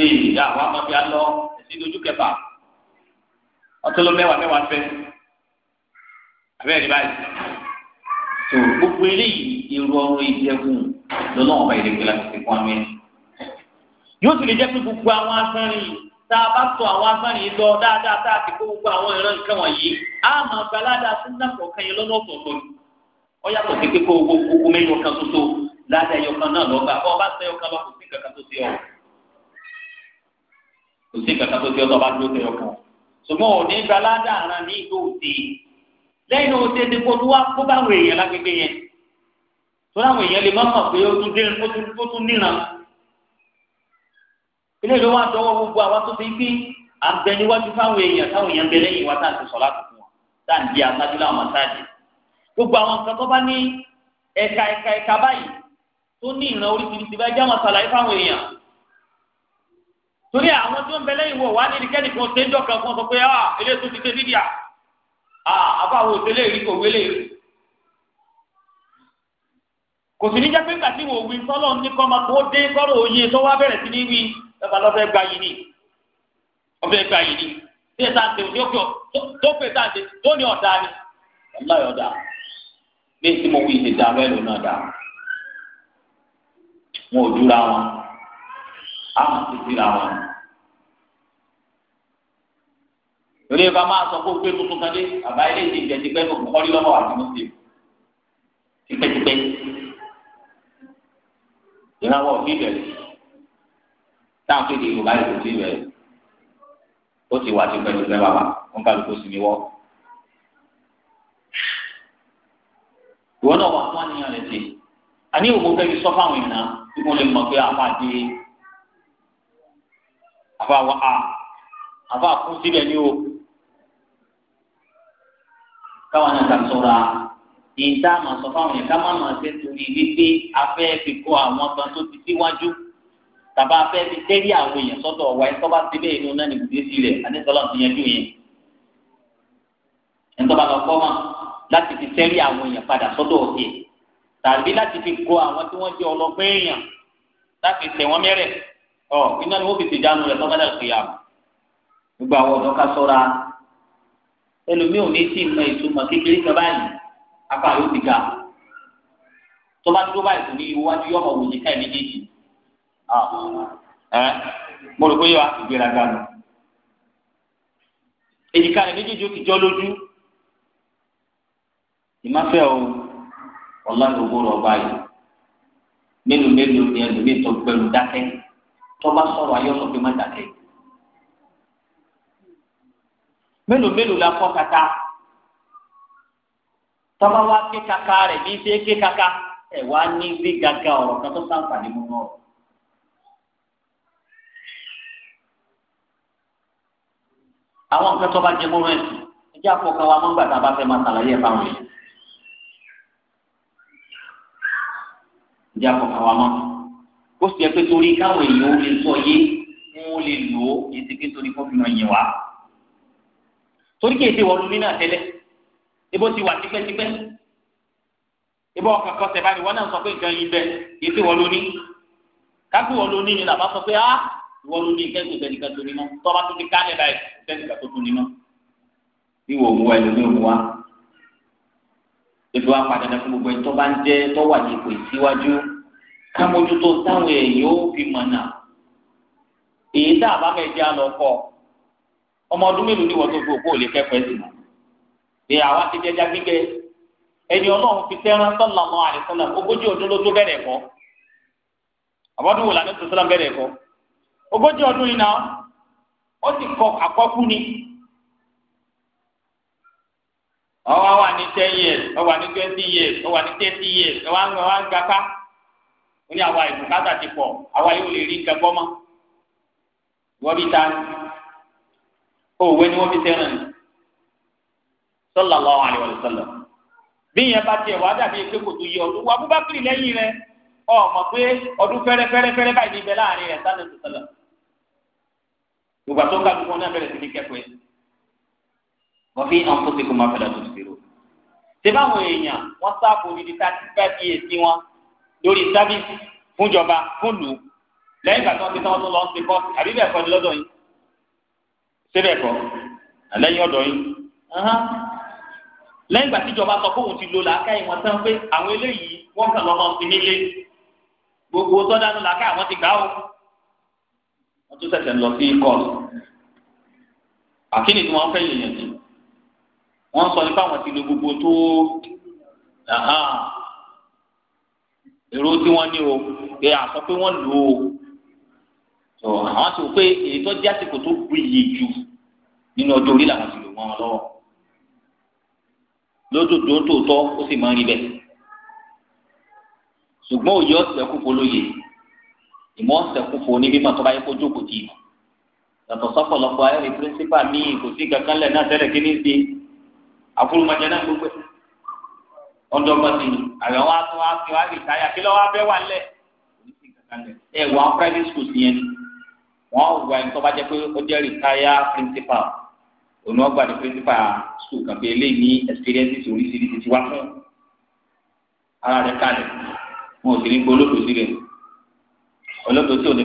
ee ìyá àwọn amọ̀bí alọ ẹ̀sìn dojú kẹfà wọ́n tún lọ mẹ́wàá mẹ́wàá fẹ́ abẹ́rẹ́ báyìí tó gbogbo eléyìí irú ọrùn ìjẹkùn lọ́nà ọ̀bà ìdẹ́gbẹ́ láti fi kún àmì yóò sì lè jẹ́ pé gbogbo àwọn asánrin yìí tá a bá sọ àwọn agbárin yìí lọ dáadáa tá a ti kó gbogbo àwọn ìran nǹkan wọ̀nyí á máa gba ládàá sí nàpọ̀ kan yẹn lọ́nà ọ̀tọ̀ọ̀tọ̀ ni ó yàtọ̀ sí pé kó o gbogbo mẹ́yìn ọ̀kan ṣoṣo ládàá ẹ̀yọ̀kan náà lọ́gbà bọ́ ọ bá sọ ẹ̀yọ̀kan lọ kò sí kankan tó ti ọ̀ kò sí kankan tó ti ọ̀ tó bá dúró ẹ̀yọ̀kan ṣùgbọ́n òní gba ládàá àràn ní ìlú òde lẹ́yìn òde ti kó tó wá kó báwọn èèyàn lágbègbè yẹn tó láwọn èèyàn lè má mọ̀ pé ó tún níran ilé ìlú wa dọwọ́ gbogbo àwa tó ti gbé àgbẹ̀ níwájú fáwọn èèyàn táwọn èèyàn bẹ̀rẹ̀ yìí wá tá à ń ti sọ̀rọ̀ àtúntò wọn tá à ń di àtàjù láwọn mọ̀sáàjì gbogbo àwọn nǹkan tó bá ní ẹ̀ka ẹ̀ka ẹ̀ka báyìí tó ní ìran oríṣiríṣi bá jẹ́ àwọn sàlàyé fáwọn èèyàn torí àwọn tó ń bẹ lẹ́yìn wọ̀ wá ní ìdíkẹ́ni kan ṣe ń dọ̀kan fún ọ sọ pé ah ilé tó ti ṣe fídíà ah àbáwo òṣèlè rí kò wélè rí kò sì ní jẹ́ pé kàtí wò wí sọ́lọ́ ní kọ́ máa kó dé sọ́rọ̀ òye tó wá bẹ̀rẹ̀ sí ní wí lọ́ba lọ́fẹ́ gba yìí ni ọfẹ́ gba yìí ni tí ẹ sáǹtẹ̀ òní òkè tó pè sáǹtẹ̀ tó ní ọ̀dà ni ọ̀là ọ̀dà bí tí mo wí ṣe dà lọ́ẹ̀lò náà dà wọn ò dúra wọn àwọn ti dira wọn. lórí ẹ bá máa sọ pé gbé tuntun kan dé àbá ilé ìdí ìjẹ́ tipẹ́ tó kọ́ rí lọ́wọ́ àti mọ́tò tipẹ́tipẹ́ ìrànwọ́ òfin bẹ̀rẹ̀ táwọn kéde yorùbá yìí kò tí ì bẹ̀rẹ̀ ó ti wà tipẹ́tipẹ́ bàbá wọn kálukú sí ni wọ́. ìwọ náà wà fún àníyàn rẹ̀ sí àní òun fẹ́ fi sọ fáwọn èèyàn tí wọ́n lè mọ̀ pé àfa di àfa wà á àfa kú síbẹ̀ ní o káwọn náà kà sọ́ra ìta àmà sọ fáwọn èèyàn ká má má ṣe torí wípé afẹ́ fi kó àwọn kan tó ti síwájú. Si tàbá fẹ́ fi tẹ́rí àwọn èèyàn sọ́dọ̀ ọ̀wá ẹ̀ tọ́ba ti bẹ́ẹ̀ inú náà ní gbèsè rẹ̀ anẹ́sọ́lá ti yanjú yẹn ẹ̀ tọ́ba lọ kọ́ mọ́ láti fi tẹ́rí àwọn èèyàn padà sọ́dọ̀ òkè tàbí láti fi kó àwọn tí wọ́n jẹ́ ọlọ́gbẹ́ èèyàn láti tẹ̀ wọ́n mẹ́rẹ̀ ọ̀ iná ni wọ́n fi tìjánu rẹ̀ tọ́ba dàgbé yà gbogbo àwọn ọ̀dọ́ ká sọ́ra ẹlòmíì ẹ ah. eh? mo rò pé yọ ìgbéraga nù èjìká rẹ méjèèjì ó ti jọ lójú ìmáfẹ́ o ọ̀làǹdógó rọ̀ báyìí mélòó mélòó ni ẹlòmíì tó gbẹlú dákẹ́ tọ́ba sọ̀rọ̀ ayé ọ̀sọ̀ pé má dákẹ́ mélòó mélòó la kọ́ kata tọ́ba wa ké kaka rẹ̀ ní í ké kaka ẹ̀ wá ní gbé gàgà ọ̀rọ̀ kan tó sáǹfà ní mú àwọn nǹkan tó bá jẹ mọ́mẹ́ǹtì ẹjẹ́ àfọkàn wa mọ́ngbà tá a bá fẹ́ máa ṣàlàyé ẹ̀ fáwọn èèyàn. ẹjẹ́ àfọkàn wa mọ́ ó sì yẹ pé torí káwọn èèyàn ó lè sọ yé wọn ó lè lò ó yìí ti pé torí kó fi hàn yẹn wá. torí kì í wọlé náà tẹ́lẹ̀ ibo ti wà tipẹ́tipẹ́ ibo ọkàn kan tẹ̀ báyìí wọ́n náà sọ pé nǹkan yìí bẹ́ẹ̀ kì wọlé ní kápẹ́ wọlé ní ni làbá sọ pé ah ìwọ ló ní kẹ́kọ̀ọ́ sẹ́nìkà tó ní mọ́ tọ́ba tó ti ká lẹ́ báyìí sẹ́nìkà tó tún ní mọ́. ìwọ òmu wa ẹlòmíì òmu wa ètò apàdánù fún gbogbo ẹni tó bá ń jẹ́ tó wà ní ipò ìsíwájú kámójútó táwọn èèyàn ó fi mọ̀nà èyí tá a bá mẹ́jẹ́ á lọ ọmọ ọdún mélòó ni wọ́n tó fi òkú òlé kẹ́kọ̀ọ́ ẹ̀sìn mọ́ èyí àwa ti jẹ́jà gbígbẹ́ ẹni ọlọ́run fi sẹ́ran sallallahu alaihi wasallam ogójì ọdún yìí náà ó ti kọ àkọ́kú ni ọwọ́ wà ní ten years ọwọ́ ní twenty years ọwọ́ ní thirty years ọwọ́ ń wá ń gapá ó ní àwa ìbùkátà ti pọ̀ àwa yóò lè rí nǹkan mọ́ wọ́n bí ta òwe ni wọ́n fi sẹ́ràn ní sallallahu alaihi wasallam bí yẹn bá tiẹ̀ wá dàbí pé kò tó yẹ ọdún wa lẹ́yìn ọmọ pé ọdún báyìí níbẹ̀ láàrin sálẹ̀ gbogbo àti ọkà lùkọ́ náà bẹ̀rẹ̀ sí ní kẹ́kọ̀ọ́ yẹn wọ́n fi hàn fún sẹ́kọ̀ọ́ máa fẹ́ lọ́dún sí rò. ṣé báwọn èèyàn wọ́n sáàpù odidi thirty five years sí wọn lórí sábìsì fúnjọba fúnlù lẹ́yìn ìgbà tí wọ́n ti tán wọ́n tún lọ ń ṣe kọ́ọ̀sì àbí bẹ́ẹ̀ kọ́ ni lọ́dọ̀ yìí ṣé bẹ́ẹ̀ kọ́ lẹ́yìn ọ̀dọ̀ yìí lẹ́yìn ìgbà tí ìjọba sọ pé òun ti lo làákàyè wọn tán pé àwọn eléyìí wọ́n kàn lọ́mọ sí nílé gbogbo tó dánú làákàyè wọn ti gbà ó wọ́n tún ṣẹ̀ṣẹ̀ lọ sí kọ́ọ̀sì àkíní tí wọ́n fẹ́ yẹ̀yàn sí wọ́n sọ nípa àwọn ti lo gbogbo tó èrò tí wọ́n ní o pé àsọ pé wọ́n lò ó tó àwọn ti wò pé èyí tó jẹ́ àsìkò tó gbìyì jù nínú ọjọ́ orí làwọn ti lò wọ́n lọ́wọ́ lódòdó tòótọ́ ó sì máa ń rí bẹ́ẹ̀ ṣùgbọ́n òye ọ̀sẹ̀ kúfo lóye ìmọ̀ ọ̀sẹ̀ kúfo ní tó bá yẹ kó jókòó tì í mọ̀ yàtọ̀ sọ́pọ̀lọpọ̀ ayé rí píríncípà míì kò sí kankan lẹ̀ náà tẹ́lẹ̀ kíní sí àfúrúmọjẹ náà gbogbo ọ̀dọ́gbọ́n sí àyọ̀ wa tó wá fi wá rí táyà kí lọ́wọ́ abẹ́ wà lẹ̀ ẹ wọ àwọn private schools yẹn ni wọ́n wọ ẹni tó bá jẹ́ pé ó jẹ́ rìtáyà principal ònà ọgbà ní principal school kàbí eléyìí ní experiences oríṣiríṣi ti wá fún ara rẹ̀ kalẹ̀ wọn ò sì ní gbọ́ olóòtú sí rẹ̀ olóòtú sí òní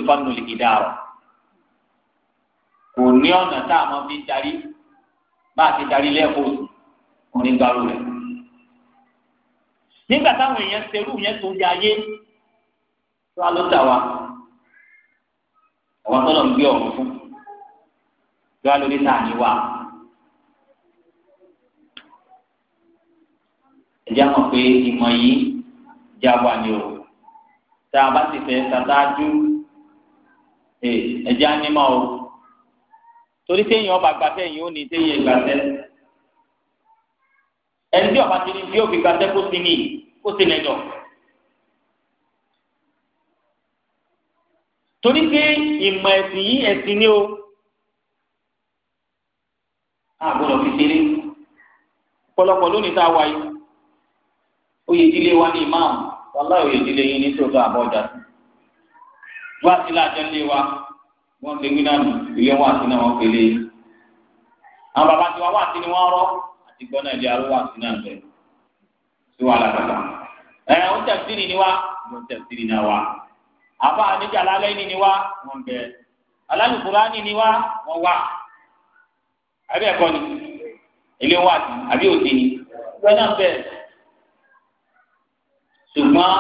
kò ní ọ̀nà tá a máa fi darí bá a ti darí lẹ́ẹ̀kọ́ onígbàlú rẹ̀. nígbà táwọn èèyàn ṣerú yẹn tó yá ayé tó a ló dà wá àwọn tó lọ ń gbé ọ̀run fún tó a lórí náà níwá. ẹ̀jẹ̀ mọ̀ pé ìmọ̀ yìí já wà ní o tá a bá ti fẹ́ sàtájú ẹ̀jẹ̀ á ní mọ́ o torí téèyàn ọba gbàtẹ yìí ó ní téèyàn gbàtẹ ẹni tí ọba ti ní bí òfin gbàtẹ kó sí ní kó sí nẹjọ torí pé ìmọ̀ ẹ̀sìn yìí ẹ̀sìn ni o àgbọ̀dọ̀ fi ṣeré pọ̀lọpọ̀ lónìí tá a wáyé oyè ìdílé wa ní ìmáàmù wàlá oyè ìdílé yín ní tòótọ́ àbọ̀dá wá sí láàjọ ńlé wa wọ́n ti wí náà nù ilé wọn àti náà wọn pèlè àwọn bàbá tiwa wọn àti ni wọn rọ àti gbọ́nà ilé arúgbó àti náà bẹ sí wa làbàbà ẹ ń tẹ̀sírì ni wa ń tẹ̀sírì náà wa àbá àníjà lálẹ́ ni ni wa wọn bẹ alálùkùrá ni ni wa wọn wà àbí ẹ̀kọ́ ni ilé wọn àti àbí òde ni gbọ́nà bẹ́ẹ̀ ṣùgbọ́n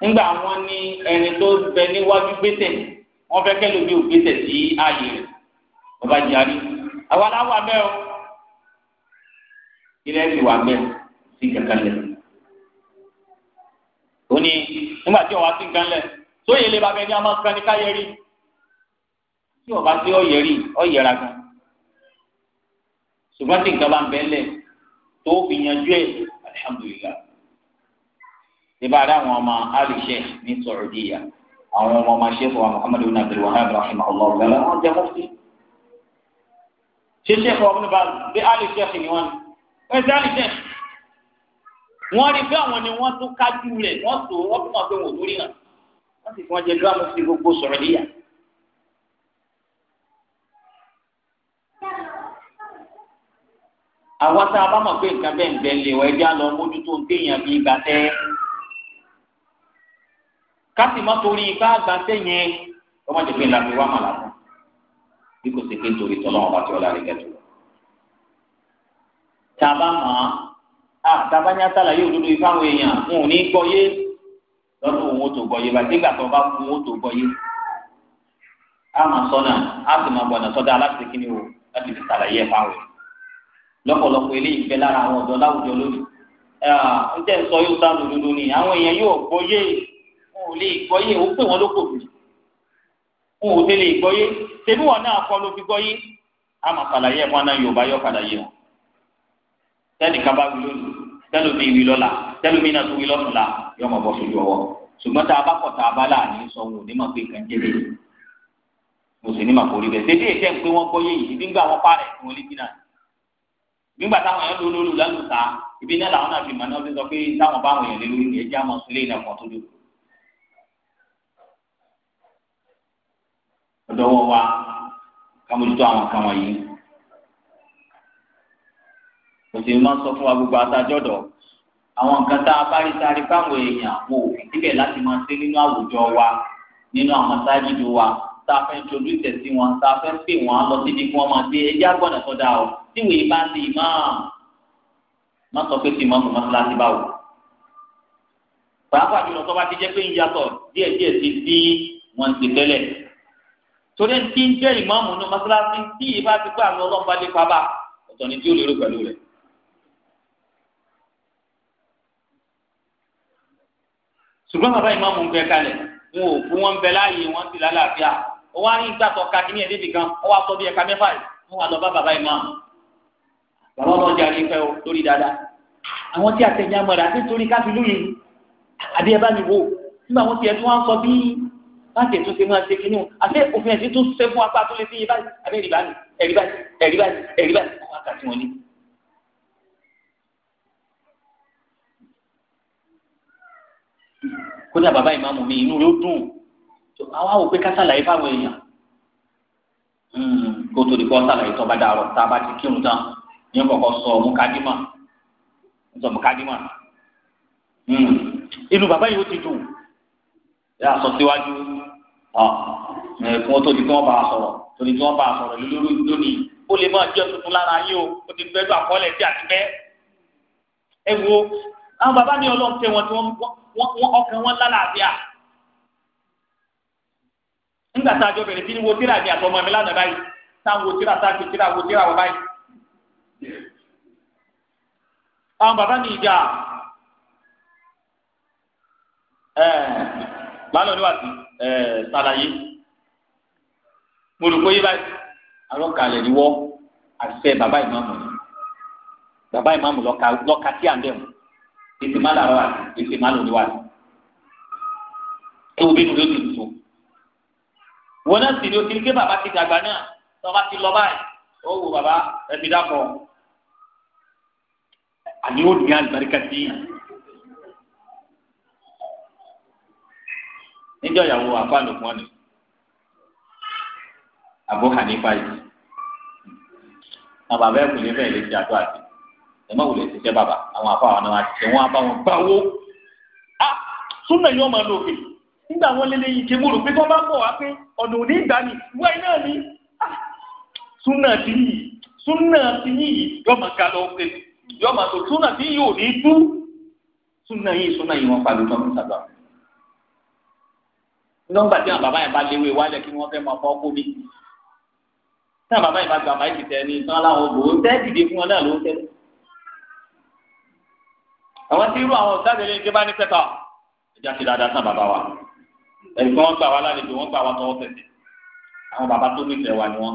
nígbà wọn ní ẹni tó bẹ níwájú gbé tẹ̀lé wọn fẹ́ kẹ́lò mi ò gbèsè sí ààyè rẹ̀ ọba jàre àwa làwọn abẹ́ o ilé ẹ̀sìn wà bẹ́ẹ̀ sí kankan lẹ̀ ó ní nígbà tí ọ̀wá sí nǹkan lẹ̀ tó yẹ lé ní a kan ní káyé rí tí ọba tí ọ rí ọ yẹra gan ṣùgbọ́n tí nǹkan bá ń bẹ́ẹ̀ lẹ̀ tó fi yanjú ẹ̀ alihamudulilayi ìbára àwọn ọmọ alìṣẹ́ ní sọ̀rọ̀ díyà àwọn ọmọ ọmọ ṣẹ́fọ̀ wa muhammadu bin abdul wahab rahimahullah ọ̀gbẹ́lá wọn jẹ́ mufti. ṣé ṣẹ́fọ̀ ọ̀gbìn bá bí ali sheikh ni wọ́n ní ẹ̀sẹ̀ ali sheikh wọ́n rí bí àwọn ni wọ́n tún kájú rẹ̀ wọ́n tó wọ́n tún àgbẹ̀ wò lórí hàn wọ́n sì fi wọ́n jẹ gíráàmù sí gbogbo sọ̀rọ̀ níyà. àwa tá a bá mọ̀ pé nǹkan bẹ́ẹ̀ ń bẹ́ẹ̀ lè wọ ẹgbẹ́ àlọ́ mójútó ń téèyàn bí ibà kásì má torí ipá àgbà sẹ́yìn ọmọ jẹ́ pé ma fi wá mà lásán bí tori sí pé nítorí tọ́lọ́ wọn bá ti ọ̀la rẹ̀ gẹ̀tù. tàbá a tàbá ní atala yóò dúdú ifá àwọn èèyàn wọn ò ní gbọ́yé lọ́dún òun ó tó gbọ́yé fún a máa a ni o fi sọ yóò sáà lòdòdó ni àwọn èèyàn yóò kò lè gbọ́yé ó pè wọ́n ló kò lè wọn ò tẹ̀lé gbọ́yé tẹ̀lé wọn náà kọ́ ló fi gbọ́yé a máa fàlàyé ẹ̀fọn náà Yorùbá yọ fàlàyé wọn tẹ́lẹ̀ kaba wí lónìí tẹ́lẹ̀ mi wí lọ́la tẹ́lẹ̀ mi náà tún wí lọ́tún la yọ ọmọ bọ́ sójú ọwọ́ ṣùgbọ́n tá a bá kọ̀ tá a bá láàánú sọ wọn ò ní máa pé nǹkan jẹ́lẹ̀ mo sì ní máa forí bẹ́ẹ̀ tẹ́lẹ̀ tẹ́ ń pé wọ́n gbọ́yé yìí nígbà wọn pààrẹ̀ fún olé jìnnà nígbà táwọn yẹn lólórí lálùtà ibi náà làwọn náà fi mọ̀ náà sọ pé táwọn báwọn yẹn lé lórí ẹ̀jẹ̀ àmọ̀ sílé ìnáwó tó dùn ọdọwọ wa kàmójútó àwọn kan wọ̀nyí òṣèlú máa ń sọ fún wa gbogbo àtàjọdọ àwọn nǹkan tá a bá rí sáré fáwọn èèyàn wò síbẹ̀ láti máa ṣe nínú àwùjọ wa nínú àwọn sáájìdò wa tá a fẹ́ introduce ìtẹ̀sí wọn tá a fẹ́ pè wọ́n lọ síbi kí wọ́n máa gbé ẹjẹ́ àgbọ̀nà tó dáa o tíwèé bá ti ìmáàmù má sọ pé tí ìmáàmù mọ́sálásí báwò pàápàá jùlọ tó bá ti jẹ́ pé ń yàtọ̀ díẹ̀díẹ̀ ti dín wọn ti tẹ́lẹ̀ torí ẹni tí ń jẹ́ ìmáàmù ní mọ́sálásí tí yìí bá ti pé àmì ọlọ́mọba lè pa bá ọ̀tọ̀ ni tí ó lérò pẹ̀lú rẹ̀. ṣùgbọ́n bàbá ìmáàmù ń bẹ kalẹ̀ wọn ò fún wọn bẹ láàyè wọn sì lálàáfíà ó wá ní ìgbàtọ̀ ka kí ní ẹ̀ débì kan ó wá sọ bí ẹ̀ka mẹ́fà yìí wọn wá lọ bá bàbá ìmáàmù. bàbá ọlọ́jà rí fẹ́ o lórí dáadáa àwọn tí àtẹ̀yìn amọ̀ràn àti láti ètò ṣe máa ṣe kí níwò àti òfin ẹ̀sìn tó ṣe fún apá tó lè fi yé báyìí àbí ẹ̀rí báyìí ẹ̀rí báyìí ẹ̀rí báyìí ẹ̀rí báyìí àwọn àkàtì wọn ni. kódà bàbá ìmáàmù mi inú yóò dùn àwa ò pé ká ṣàlàyé fáwọn èèyàn hmm, kó tó di kó ṣàlàyé tó bá dàrọ tá a bá ti kírun tán ní kọ̀kọ́ sọ mukadima sọ mukadima hmm, inú bàbá yìí ó ti dùn yà sọ síwájú kí wọ́n tó di kí wọ́n bá a sọ̀rọ̀ tó di kí wọ́n bá a sọ̀rọ̀ lórí lónìí ó lè máa jẹ́ tuntun lára yín o ó ti fẹ́ lọ àkọọ́lẹ̀ bí àti bẹ́ẹ̀. ẹ wo àwọn bàbá mi ọlọ́run tẹ wọn tí wọ́n ọkàn wọn lálàáfíà. nígbà tá a jọ bẹ̀rẹ̀ sí ní wo tíra mi àtọmọ mi lánàá báyìí tá a wo tíra tá a fi tíra wo tíra wọ báyìí. àwọn bàbá mi ìjà ẹ̀ẹ́ báàlọ́ ni wà sí ṣàlàyé mo rò pé yí báyìí alọ́kàlẹ̀ ni wọ́ àṣẹ bàbá ìmáàmù ni bàbá ìmáàmù lọ́ka tí à ń bẹ̀rù ètè má làárọ̀ àti ètè má lòdì wà sí. ewu bí nìyó ti tù wọn náà sì ni o ti ní pé bàbá ti dàgbà náà tọ́ba ti lọ báyìí ó wò bàbá ẹ̀ ti dàpọ̀ ní àlùbáríkà sí i. níjọ́ ìyàwó àfáàlù kan ni Abu Hanifa yìí àwọn bàbá ẹkùn lè bẹ́ẹ̀ lè ṣe àdó àti ẹ má wulẹ̀ ṣiṣẹ́ bàbá àwọn àfáàwọn náà wá ṣiṣẹ́ wọn bá wọn gbáwó a súnà yóò máa lòkè nígbà wọn lélẹ́ yìí kébù rò pé tó bá bọ̀ wá pé ọ̀nà òní ìgbà ni wáyé náà ni súnà ti yìí súnà ti yìí yóò máa ga lọ pé yóò máa tó súnà ti yìí ò ní dú súnà yìí súnà yìí wọn pariwo tó ń sábà nígbà tí àwọn bàbá yẹn bá léwé wálẹ̀ kí wọ́n fẹ́ máa fọ́ kó mi tí àwọn bàbá yẹn bá gba àbáyé ti tẹ̀ ní tán láwọn ògbó tẹ́ dìde fún wọn náà ló ń tẹ́lẹ̀ àwọn tí irú àwọn òṣìṣẹ́ ilé ìjọba ní pẹ́tà ìjà ti dáadáa sàn bàbá wa ẹ̀sìn wọn gbà wá lálejò wọn gbà wá tọwọ́ tẹ̀sẹ̀ àwọn bàbá tó nífẹ̀ẹ́ wa ni wọn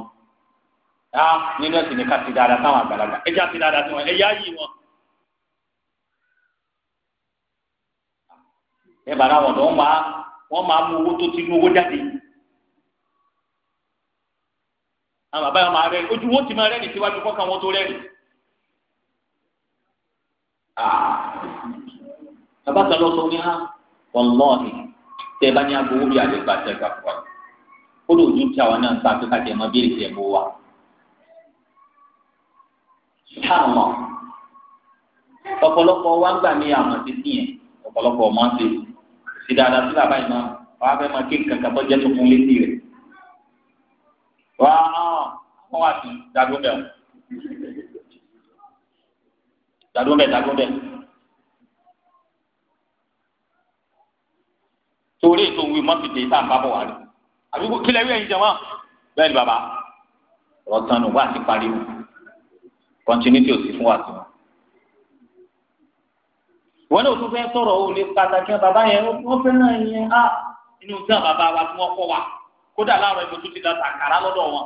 á nínú ẹ̀sìn ní ká ti dáadáa sáwọn àgbàlagbà ẹ̀já ẹ bàrà wọn lọ ń wá wọ́n máa mú owó tó ti mú owó jáde àwọn bàbá yẹn máa rẹ́rìn ojú wọn ti máa rẹ́rìn síwájú kọ́kàn wọn tó rẹ́rìn. Ah. bàbá kan lọ sọ ní ha ah, wọlọ́ọ̀hì tẹ bá ní agbowó bí alẹ́ gbà tẹ gbà fún wa ó lè ojú tí náà ń sáà tó ká jẹ mọ́ bí èsì wa. sáàmù ọ̀pọ̀lọpọ̀ wa ń gbà ní àmọ̀ títí yẹn ọ̀pọ̀lọpọ̀ ọmọ ń ṣe sì dáadáa sí bàbá ìmọ̀ wà á fẹ́ máa kí nǹkan kan tó jẹ́ tuntun létí jago wà jago wọ́n wà sí dàgbọ́bẹ̀ dàgbọ́bẹ̀ dàgbọ́bẹ̀ torí ètò òwe mọ́tìtì tá a bá bọ̀ wá rí àbí kílẹ̀ wí ẹ̀yin jẹ̀mọ́ bẹ́ẹ̀ ni bàbá ọ̀rọ̀ tán nù wá sí pariwo kọ́ńtínítì ò sí fún wa sí wọn wọn náà tún fẹ́ sọ̀rọ̀ o lè pàtàkì bàbá yẹn wọ́n fẹ́ràn yẹn á ah, inú tí àwọn bàbá wa tí wọ́n kọ́ wa kódà láàárọ̀ ìmọ̀tún ti lọ tàkàrà lọ́dọ̀ wọn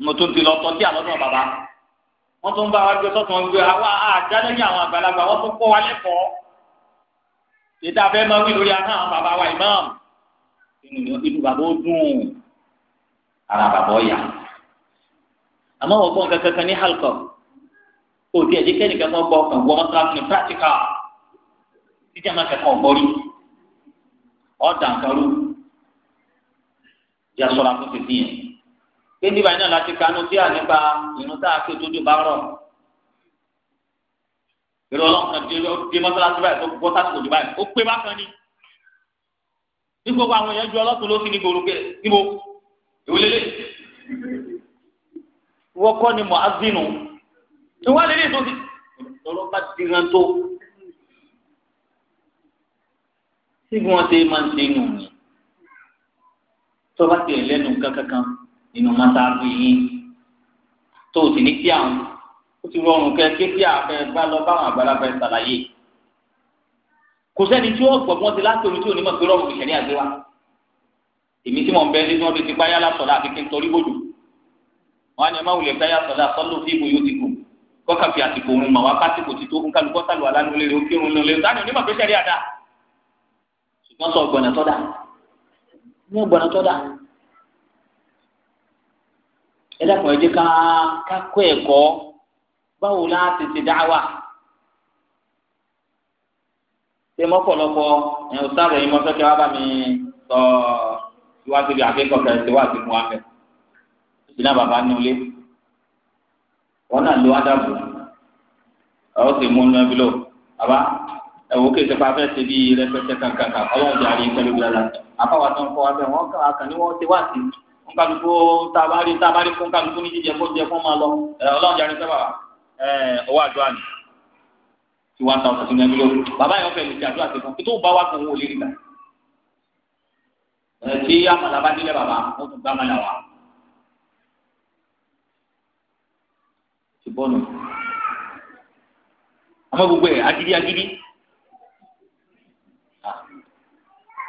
ìmọ̀tún ti lọ tọ́jú àlọ́dọ̀ bàbá wọ́n tún bá wa gbé sọ́tún wọn gbé àwa àjálẹ́yìn àwọn àgbàlagbà wọ́n tún kọ́ wa lẹ́kọ̀ọ́ ètò abẹ́ máa wí lórí ahọ́n àwọn bàbá wa ìmáàmù inú bàbá ó dùn ara bàbá ọ̀yà àmọ́ wọ́n gbọ́n kankan ní halkọ́ kò tí ẹ̀jẹ̀ kẹ́nìkan kan gbọ́ ọkàn gbọ́ mọ́tàlá ní pírátíkà títí àmà kẹ́kọ̀ọ́ ọ̀gbọ́rí ọ̀dà nǹkanrú yà sọ̀rọ̀ àkóso sí yẹn kéde báyìí náà láti kanú bí à nípa ìrún tá a ké tó dé bá rọ̀ ìrọ̀ ọlọ́kan dé mọ́tàlá sí báyìí tó gbọ́ sásìkò dé báyìí ó pé bákan ni ní gbogbo àwọn èèyàn ju ọlọ́tún ló fi ní gbòòrò kẹ níbo ìwúlélẹ̀ wọ́kọ́ ni mọ̀ á ìwọ́n lè ní ìtòsí ọ̀rọ̀ bá diran tó tí wọ́n ṣe máa ń ṣe nù ní tọ́ba tiẹ̀ lẹ́nu kankankan nínú mọ́tàbí yín tó o sì ní kí àwọn ó ti rọrùn kẹ kí kí àfẹ bá lọ báwọn àgbàlagbà ṣàlàyé kò sẹ́ni tí ó gbọ̀gbọ́n ti láti omi tí ò ní mọ̀ pé rọrùn ìṣẹ̀lẹ̀ àgbéwá èmi tí mò ń bẹ ní tí wọ́n ti ti gbáyà lásọ̀lá àfi kí n torí bòjò wọn á ní ẹ má wulẹ̀ gbáyà sọ̀lá sọ́lù fíìmù yóò ti kù kọ́kà fi àsìkò òun mà wá pásìkò tító ń kálukọ́ sálù alánulẹ̀ rẹ̀ òkè òun lọ́lẹ̀ sáni onímọ̀ tó ṣẹlẹ̀ àdá ṣùgbọ́n sọ ọgbọ̀nà tọ́da ní ọgbọ̀nà tọ́da ẹ dákun ẹ jẹ́ ká ká kọ́ ẹ̀kọ́ báwo la ti ti dá wà ṣe mọ́pọ̀lọpọ̀ ẹ̀ ọ̀sáré yìí mo fẹ́ kí wá bá mi sọ iwájú bí akẹ́kọ̀ọ́ wọn náà lo ádàbò ọ sì mú inú ẹbí lò àbá ẹwọ kéèké pa fẹẹ ṣe bí rẹpẹtẹ kankan kan Ọlọ́run jẹ àárín pẹ̀lú gbẹlẹ àbáwá tó ń kọ abẹ wọn kàn án ní wọn ti wá sí nkàlùkù tabari tabari fún nkàlùkù ní jíjẹ kó jẹ fún máa lọ Ọlọ́run jẹ àárín sábà owó àdúrà ni tí wọn ta ọsàn sínú ẹbí lò bàbá yẹn fẹẹ lè ṣe àdúrà sí fún kí tó bá wà fún òun ò lè rí tí amala bá bọ́ọ̀nù àmọ́ gbogbo ẹ̀ agidi agidi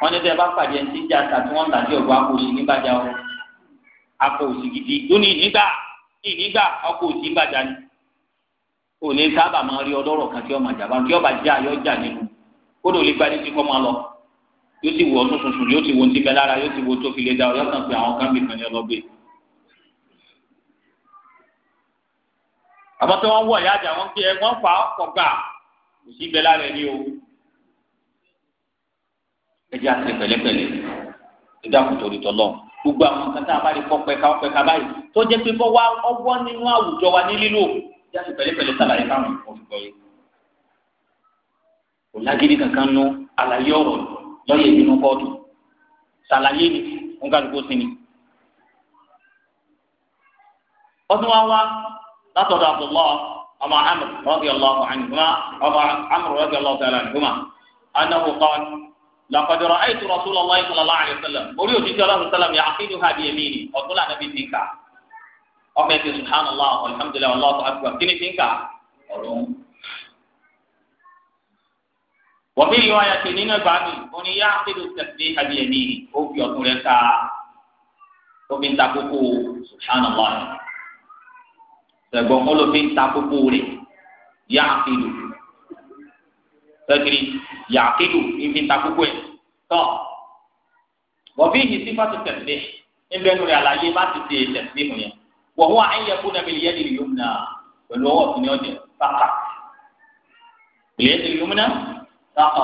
wọ́n ní sẹ́ bá pàdé ẹni tí ń jà ta tí wọ́n ń tàbí ọ̀gbọ́n akọ òsì nígbàjà o akọ òsì gidi tó ní ìnígbà ìnígbà ọkọ òsì nígbàjà ni kò ní sábà máa rí ọlọ́rọ̀ kan tí ọmọ àjàbá kí ọba já yọ jà nínú kó ló lè gba ní ti kọ́ máa lọ yóò ti wọ ọtún tuntun yóò ti wo ti bẹ lára yóò ti wo tó fi lè da ọyọ́ kan pé àwọn kan bìkan ni ọlọ́gbẹ́ àwọn tó wọn wọ ìyá àjà wọn gbé ẹ wọn fà ọkọ gbà kò sí bẹ lára ẹni o ẹjẹ àti pẹ̀lẹ́pẹ̀lẹ́ ẹjẹ àkùtò òdìtọ lọ gbogbo àwọn kan tá a bá rí kọ pẹka ọpẹka báyìí tó jẹ pé kọ wá ọwọ́ nínú àwùjọ wa ní lílo ẹjẹ àti pẹ̀lẹ́pẹ̀lẹ́ sàlàyé káwọn olùkọ́ yìí kò lágídí kankan nú àlàyé ọ̀rọ̀ lọyẹ nínú kóòtù sàlàyé ni wọn kálukú sí ni ọdún wa wá látọ̀dọ̀ abdullah ọmọ amr radiyallahu anhuma ọmọ amr radiyallahu ta'ala anhuma anahu qala laqad ra'aytu rasulallah sallallahu alayhi wa sallam orí òjijì ọlọ́run sallam yà àfihàn hàbí yamini ọ̀tún lànà bíi tìǹkà ọmọ ẹ̀sìn subhanallah alhamdulilayi wallahu akbar kí ni tìǹkà ọ̀run wọ́pẹ́ yìí wáyà tẹ̀ nínú ẹgbàá mi ó ní yá àpèdè tẹ̀sí àbíyẹ̀mí ó fi ọ̀tún rẹ̀ ká omi ń ta kókó subhanallah sẹgbọn kọlọ fi ń ta kókó rẹ yá àkìlù sẹkiri yá àkìlù ń fi ń ta kókó ẹ tọ wọ́n fi yìí sífà tó tẹ̀lé níbẹ̀ nù rẹ̀ àlàyé má ti tẹ̀ tẹ̀lé mu yẹn wọ́n wọ́n àyè kó nàbẹ̀ lìyẹ́ lè yóò nà pẹ̀lú ọwọ́ tó ní ọ̀dẹ̀ fàkà lìyẹ́ lè yóò nà fàkà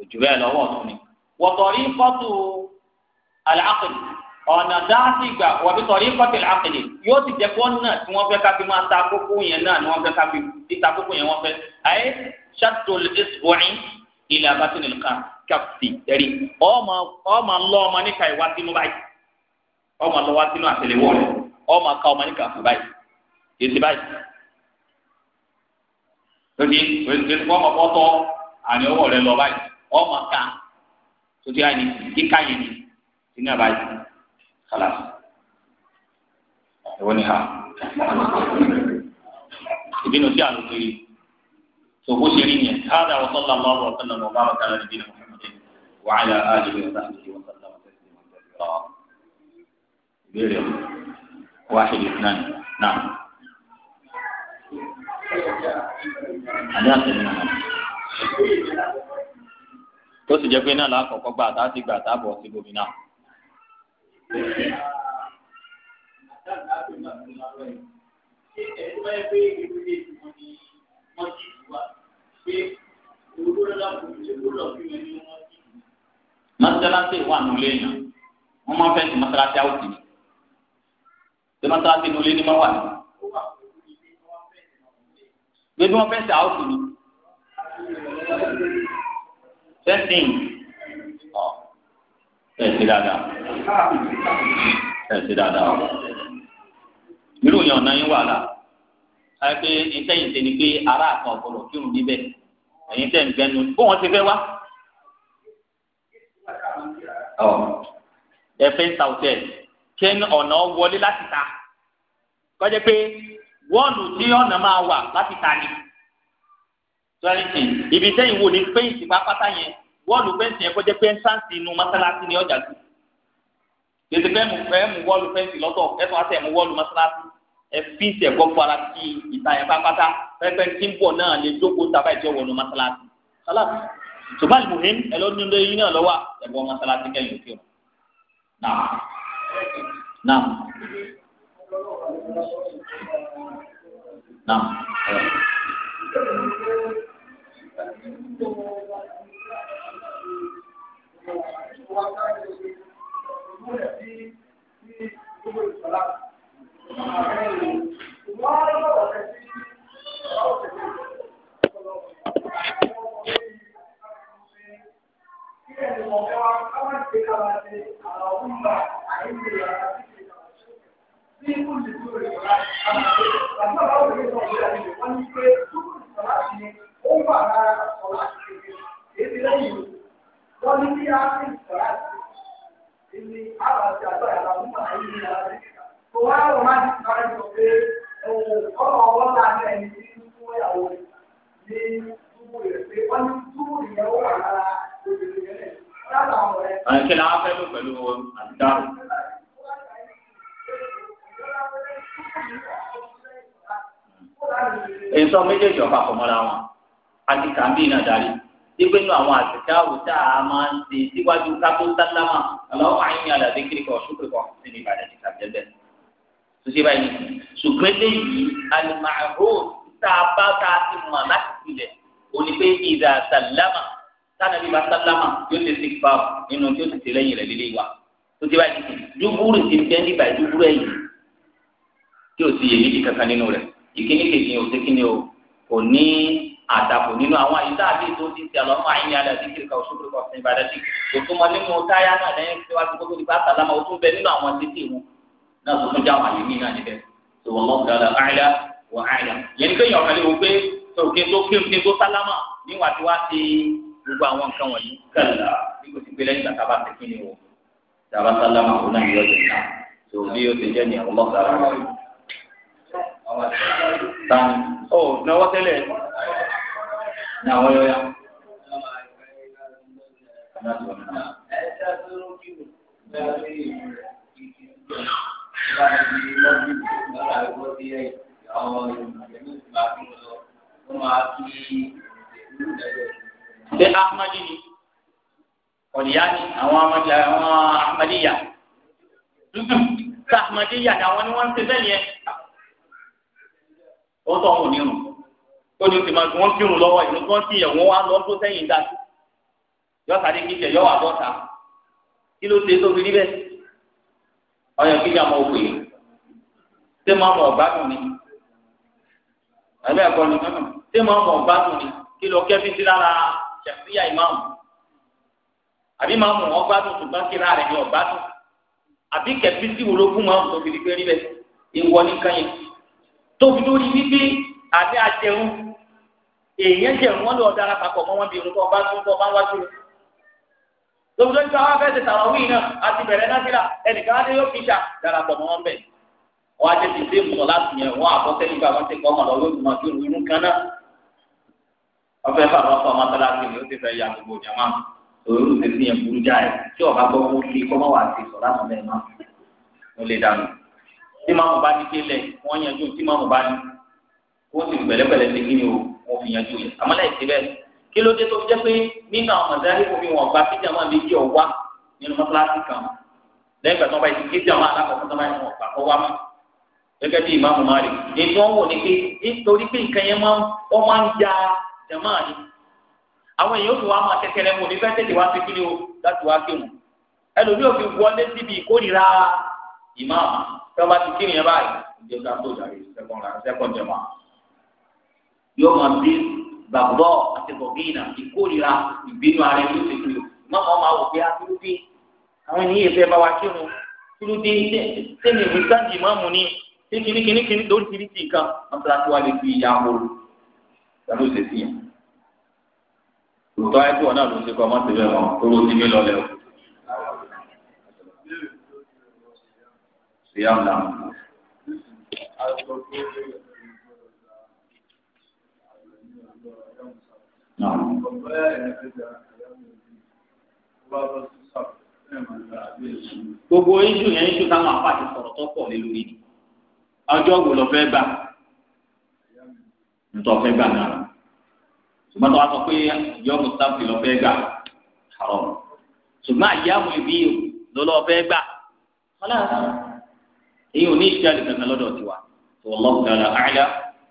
òjò bẹ́ẹ̀ lọ́wọ́ tó ní wọ́n tọ̀rí fọ́tò àlàáfíì ọ̀nà dáhàtì ìgbà wà bí sọ̀rọ̀ ìkọ́tì àkìlì yóò ti jẹ́ kó náà tí wọ́n fẹ́ ká fi máa ta kókó yẹn náà ni wọ́n fẹ́ ká fi ti ta kókó yẹn wọ́n fẹ́ ayé ṣàtòlù ìsìbọ̀rin ilẹ̀ abátí nìkan kàfì tẹ̀rí ọmọ lọ ọmọ níka ìwá sínú báyìí ọmọ lọ wá sínú àtẹlẹwọ́ rẹ̀ ọmọ ká ọmọ níka fún báyìí èsì báyìí lóde lóde ọmọ bọ́tọ̀ àní ká tó ti àyè ní kàlà ìwọ ni ha ìbínú sí àlùkiri tó bó ṣe rí yẹn káàdà wa sallallahu wa sallam wa baraka ala nabiyina Muhammadin wa ala alihi wa sahbihi wa sallam taslima kathira ìbéèrè wáhìdì náà náà. àdá àtẹnudẹ náà tó sì jẹ́ pé náà lákọ̀ọ́kọ́ gbà tá a ti gbà tá a bọ̀ sí gómìnà masalasi wà nulẹ̀ yẹn wọ́n máa fẹ́ ti masalasi awo ti ṣe masalasi nulẹ̀ ni ma wà ní. gbẹdú wọn fẹ́ ti awo ti ní. fẹ́sìn ọ̀ fẹ́sìn dáadáa ẹ ṣe dáadáa o irú yẹn ọ̀nà yín wà lá àìpé ìtẹ̀yìn ṣe ni pé ará kan ọ̀gbọ̀dọ̀ kírun níbẹ̀ ẹ̀yin tẹ̀ ń gbẹnu bó wọn ti fẹ́ wá. ẹ fẹ́ ń ta òtẹ́ kẹ́ ọ̀nà wọlé láti ta kọjá pé wọ́ọ̀nù tí ọ̀nà máa wà láti ta ni tọ́lẹ́tì ibi tẹ́yìn wò ní pẹ́ǹsì pápátá yẹn wọ́ọ̀nù pẹ́ǹsì yẹn kọjá pé ẹ̀ńtáǹsì inú mọ́sálásí ni ọjà sí tètè fẹ́ mú fẹ́ mú wọ́ọ̀lù fẹ́ǹsì lọ́tọ̀ ẹ̀fọ́ àti ẹ̀mú wọ́ọ̀lù mọ́sálásí ẹ̀fí ìṣẹ̀kọ́ fara sí ìta yẹn pátápátá pẹ́pẹ́ tí ń bọ̀ náà lè jókòó tàbá ìjọ wọ̀ọ̀lù mọ́sálásí. sálàtì ṣùgbọ́n ìbùhín ẹ lọ́dún de yín náà lọ́wọ́ ẹ̀gbọ́n mọ́sálásí kẹ́yìn òkè ọ̀. náà náà náà Thank you múlẹ̀ sí sí gbogbo ìsọ̀lá. Wọ́n lọ́wọ́ rẹ̀ sí ọ̀rọ̀ tẹ̀lé ọ̀pọ̀lọpọ̀ kí ẹni mọ̀ fẹ́ wá káwá ṣe kára ṣe àwọn ọ̀gbà àìsè yàrá sí ṣe kàrà ṣe. Bí kúlù tó rẹ̀ wá káwá ṣe, bàbá bá wọlé sọ̀rọ̀ ìyá rẹ̀ wọ́n ní pé túbú ìsọ̀lá ti ní ó wà lára ọ̀la ṣe kéde. Èdè lẹ́yìn wọ́n ní bí a ṣe ìsọ̀lá ti èmi àwọn àti àgbà yàrá la fẹ́ lò pẹ̀lú àdáhùn. Hmm. Èso darí gbígbé nu àwọn àtẹ̀tẹ̀ àwùjá a máa ń ṣe síwájú kápó sálámà aláwọ̀ àyìn ní alàbí kiri kan ṣùgbọ́n kan sí ní ìbàdàn ní sàbẹ̀bẹ̀. Sọ́sẹ́ báyìí ṣùgbọ́n léyìí alìmọ̀àhó tá a bá tá a ti mọ̀ láti tilẹ̀ òní pé ìdá sálámà sanabi bá sálámà yóò ti sèk pa nínú tí ó ti tẹ̀lé yìí rẹ̀ lílé wa. Sọ́sẹ́ báyìí dúbúrú ti bẹ́ẹ̀ níbà dúbúrú ẹ̀yìn tí ò sì yẹ àtàkùn nínú àwọn àyíká àbí ètò ti ti àlọ́ máa ń yin alẹ́ àdìgírí kan oṣù kúrò kan ìbàdàn sí òtún mọ nínú táyà náà lẹ́yìn tí wàá ti gbogbo ìgbà sàlámà ó tún bẹ nínú àwọn títì wọn náà tó tún já wọn àyè mí náà níbẹ̀ tó wọn lọ́wọ́ dáadáa àìlá wọ àìlá yẹn ní kéèyàn kan lè wọ pé tòkè tó kí ní tó sálámà níwà tí wàá ti gbogbo àwọn nǹkan wọ̀nyí kàlà bí kò ti gbé lẹ́yìn tàbá ti Nah, oh ya. Ṣé Ahmadi ni? Ọ̀dìyá ni àwọn Ahmadi àwọn Ahmadiya. Ṣé Ahmadiya ni àwọn ni wọ́n ń ṣe bẹ́ẹ̀ yẹn? Ó tọ́ wọn ò ní rùn ó ní oṣù màgbọ́n wọn kírun lọ́wọ́ ìlú kan tí ìyẹ̀wò wa lọ tó sẹ́yìn dá sí yọta ní kíkẹ́ yọ wà bọ́ta kí ló ṣe tó fi rí bẹ́ẹ̀ ọyàn kíkẹ́ àmọ́ òkè ṣé máa mọ̀ ọ̀gbádùn ni ẹ̀bẹ́ ẹ̀kọ́ ni ṣé máa mọ̀ ọ̀gbádùn ni kí lọ kẹ́fí sí lára ṣẹ̀fíyà ìmáàmù àbí máa mọ̀ ọ̀gbádùn ṣùgbọ́n kí lára ẹ̀yìn ọ̀gbádùn àbí kẹ̀fí sí wo ló fún máàmù tó fi rí bẹ́ẹ̀ ìwọ nìkan yẹn tó fi lórí wípé àbí àjẹun èèyàn jẹ wọn lọ dára papọ̀ mọ́ wọn bí irun tó ọba tó ń bọ̀ bá wá sí i. lóòótọ́ nípa wá fẹ́ẹ́ ti tàwọn wíì náà àti bẹ̀rẹ̀ násìlà ẹnìkan á dé yóò kíṣà dára pọ̀ mọ́ wọn bẹ̀. wọ́n á jẹ́ ti dé mọ̀ láti yẹn wọ́n àbọ̀ sẹ́yìn gba wọn ti kọ́ ọmọ lọ́wọ́ ìgbìmọ̀ tó rú irun kan náà. wọ́n fẹ́ fà wọ́n fọ mọ́tàlásì ni ó ti fẹ́ ya gbogbo jàmá òru kó sì pẹ̀lẹ́pẹ̀lẹ́ ti kí ni o mo fi yanjú yẹn àmọ́ láì sí bẹ́ẹ̀ kí ló dé tó jẹ́ pé nínú àwọn mọ̀dárí omi wọn gba kí jàmá mi jẹ́ ọ̀wá nínú mọ́tíláṣí kan lẹ́yìn ìgbà tó bá ti kí jàmá alákọ̀ọ́kọ́ tó bá yẹn wọn gbà kọ́ wá mọ́ gẹ́gẹ́ bí ìmáàmù Malik èyí wọ́n wò ní pé nítorí pé nǹkan yẹn máa wọ́n máa ń ja jàmá ni àwọn èèyàn tó wá máa kẹ́kẹ́rẹ́ mu ní fẹ́ tètè wá sí kíni o yóò máa bí gbàgbọ́ àti bọ̀gínà ìkórira ìbínú ara ẹni tó ti mọ́ mọ́ máa wò pé akúrú àwọn ènìyàn ìfẹ́ bá wa kírun kúrú sẹ́ni ìwé sáàdì ìmáàmù ni ṣé kìnnìkìnnì kìnnì tó ń tiri sí nǹkan mọ́sálásí wa lè fi ìyá wọlé tàbí ó ṣe sí yẹn. Òtọ́ ayé tí wọn náà ló ń ṣe kọ́ ọmọ tẹ̀lé wọn tó ló ti mí lọlẹ̀ o. Ṣé yá ń dà? gbogbo iṣu yẹn iṣu táwọn apáàtì sọ̀rọ̀ tó pọ̀ lé lórí ni wo lọ fẹ́ gbà ntọ́ fẹ́ gbà náà ṣùgbọ́n tó wá sọ pé yọ mùsàlùmí lọ fẹ́ gbà ṣùgbọ́n àyàwó ibi ló lọ fẹ́ gbà wọ́n náà èyí ò ní ìṣẹ́ àlùkàtà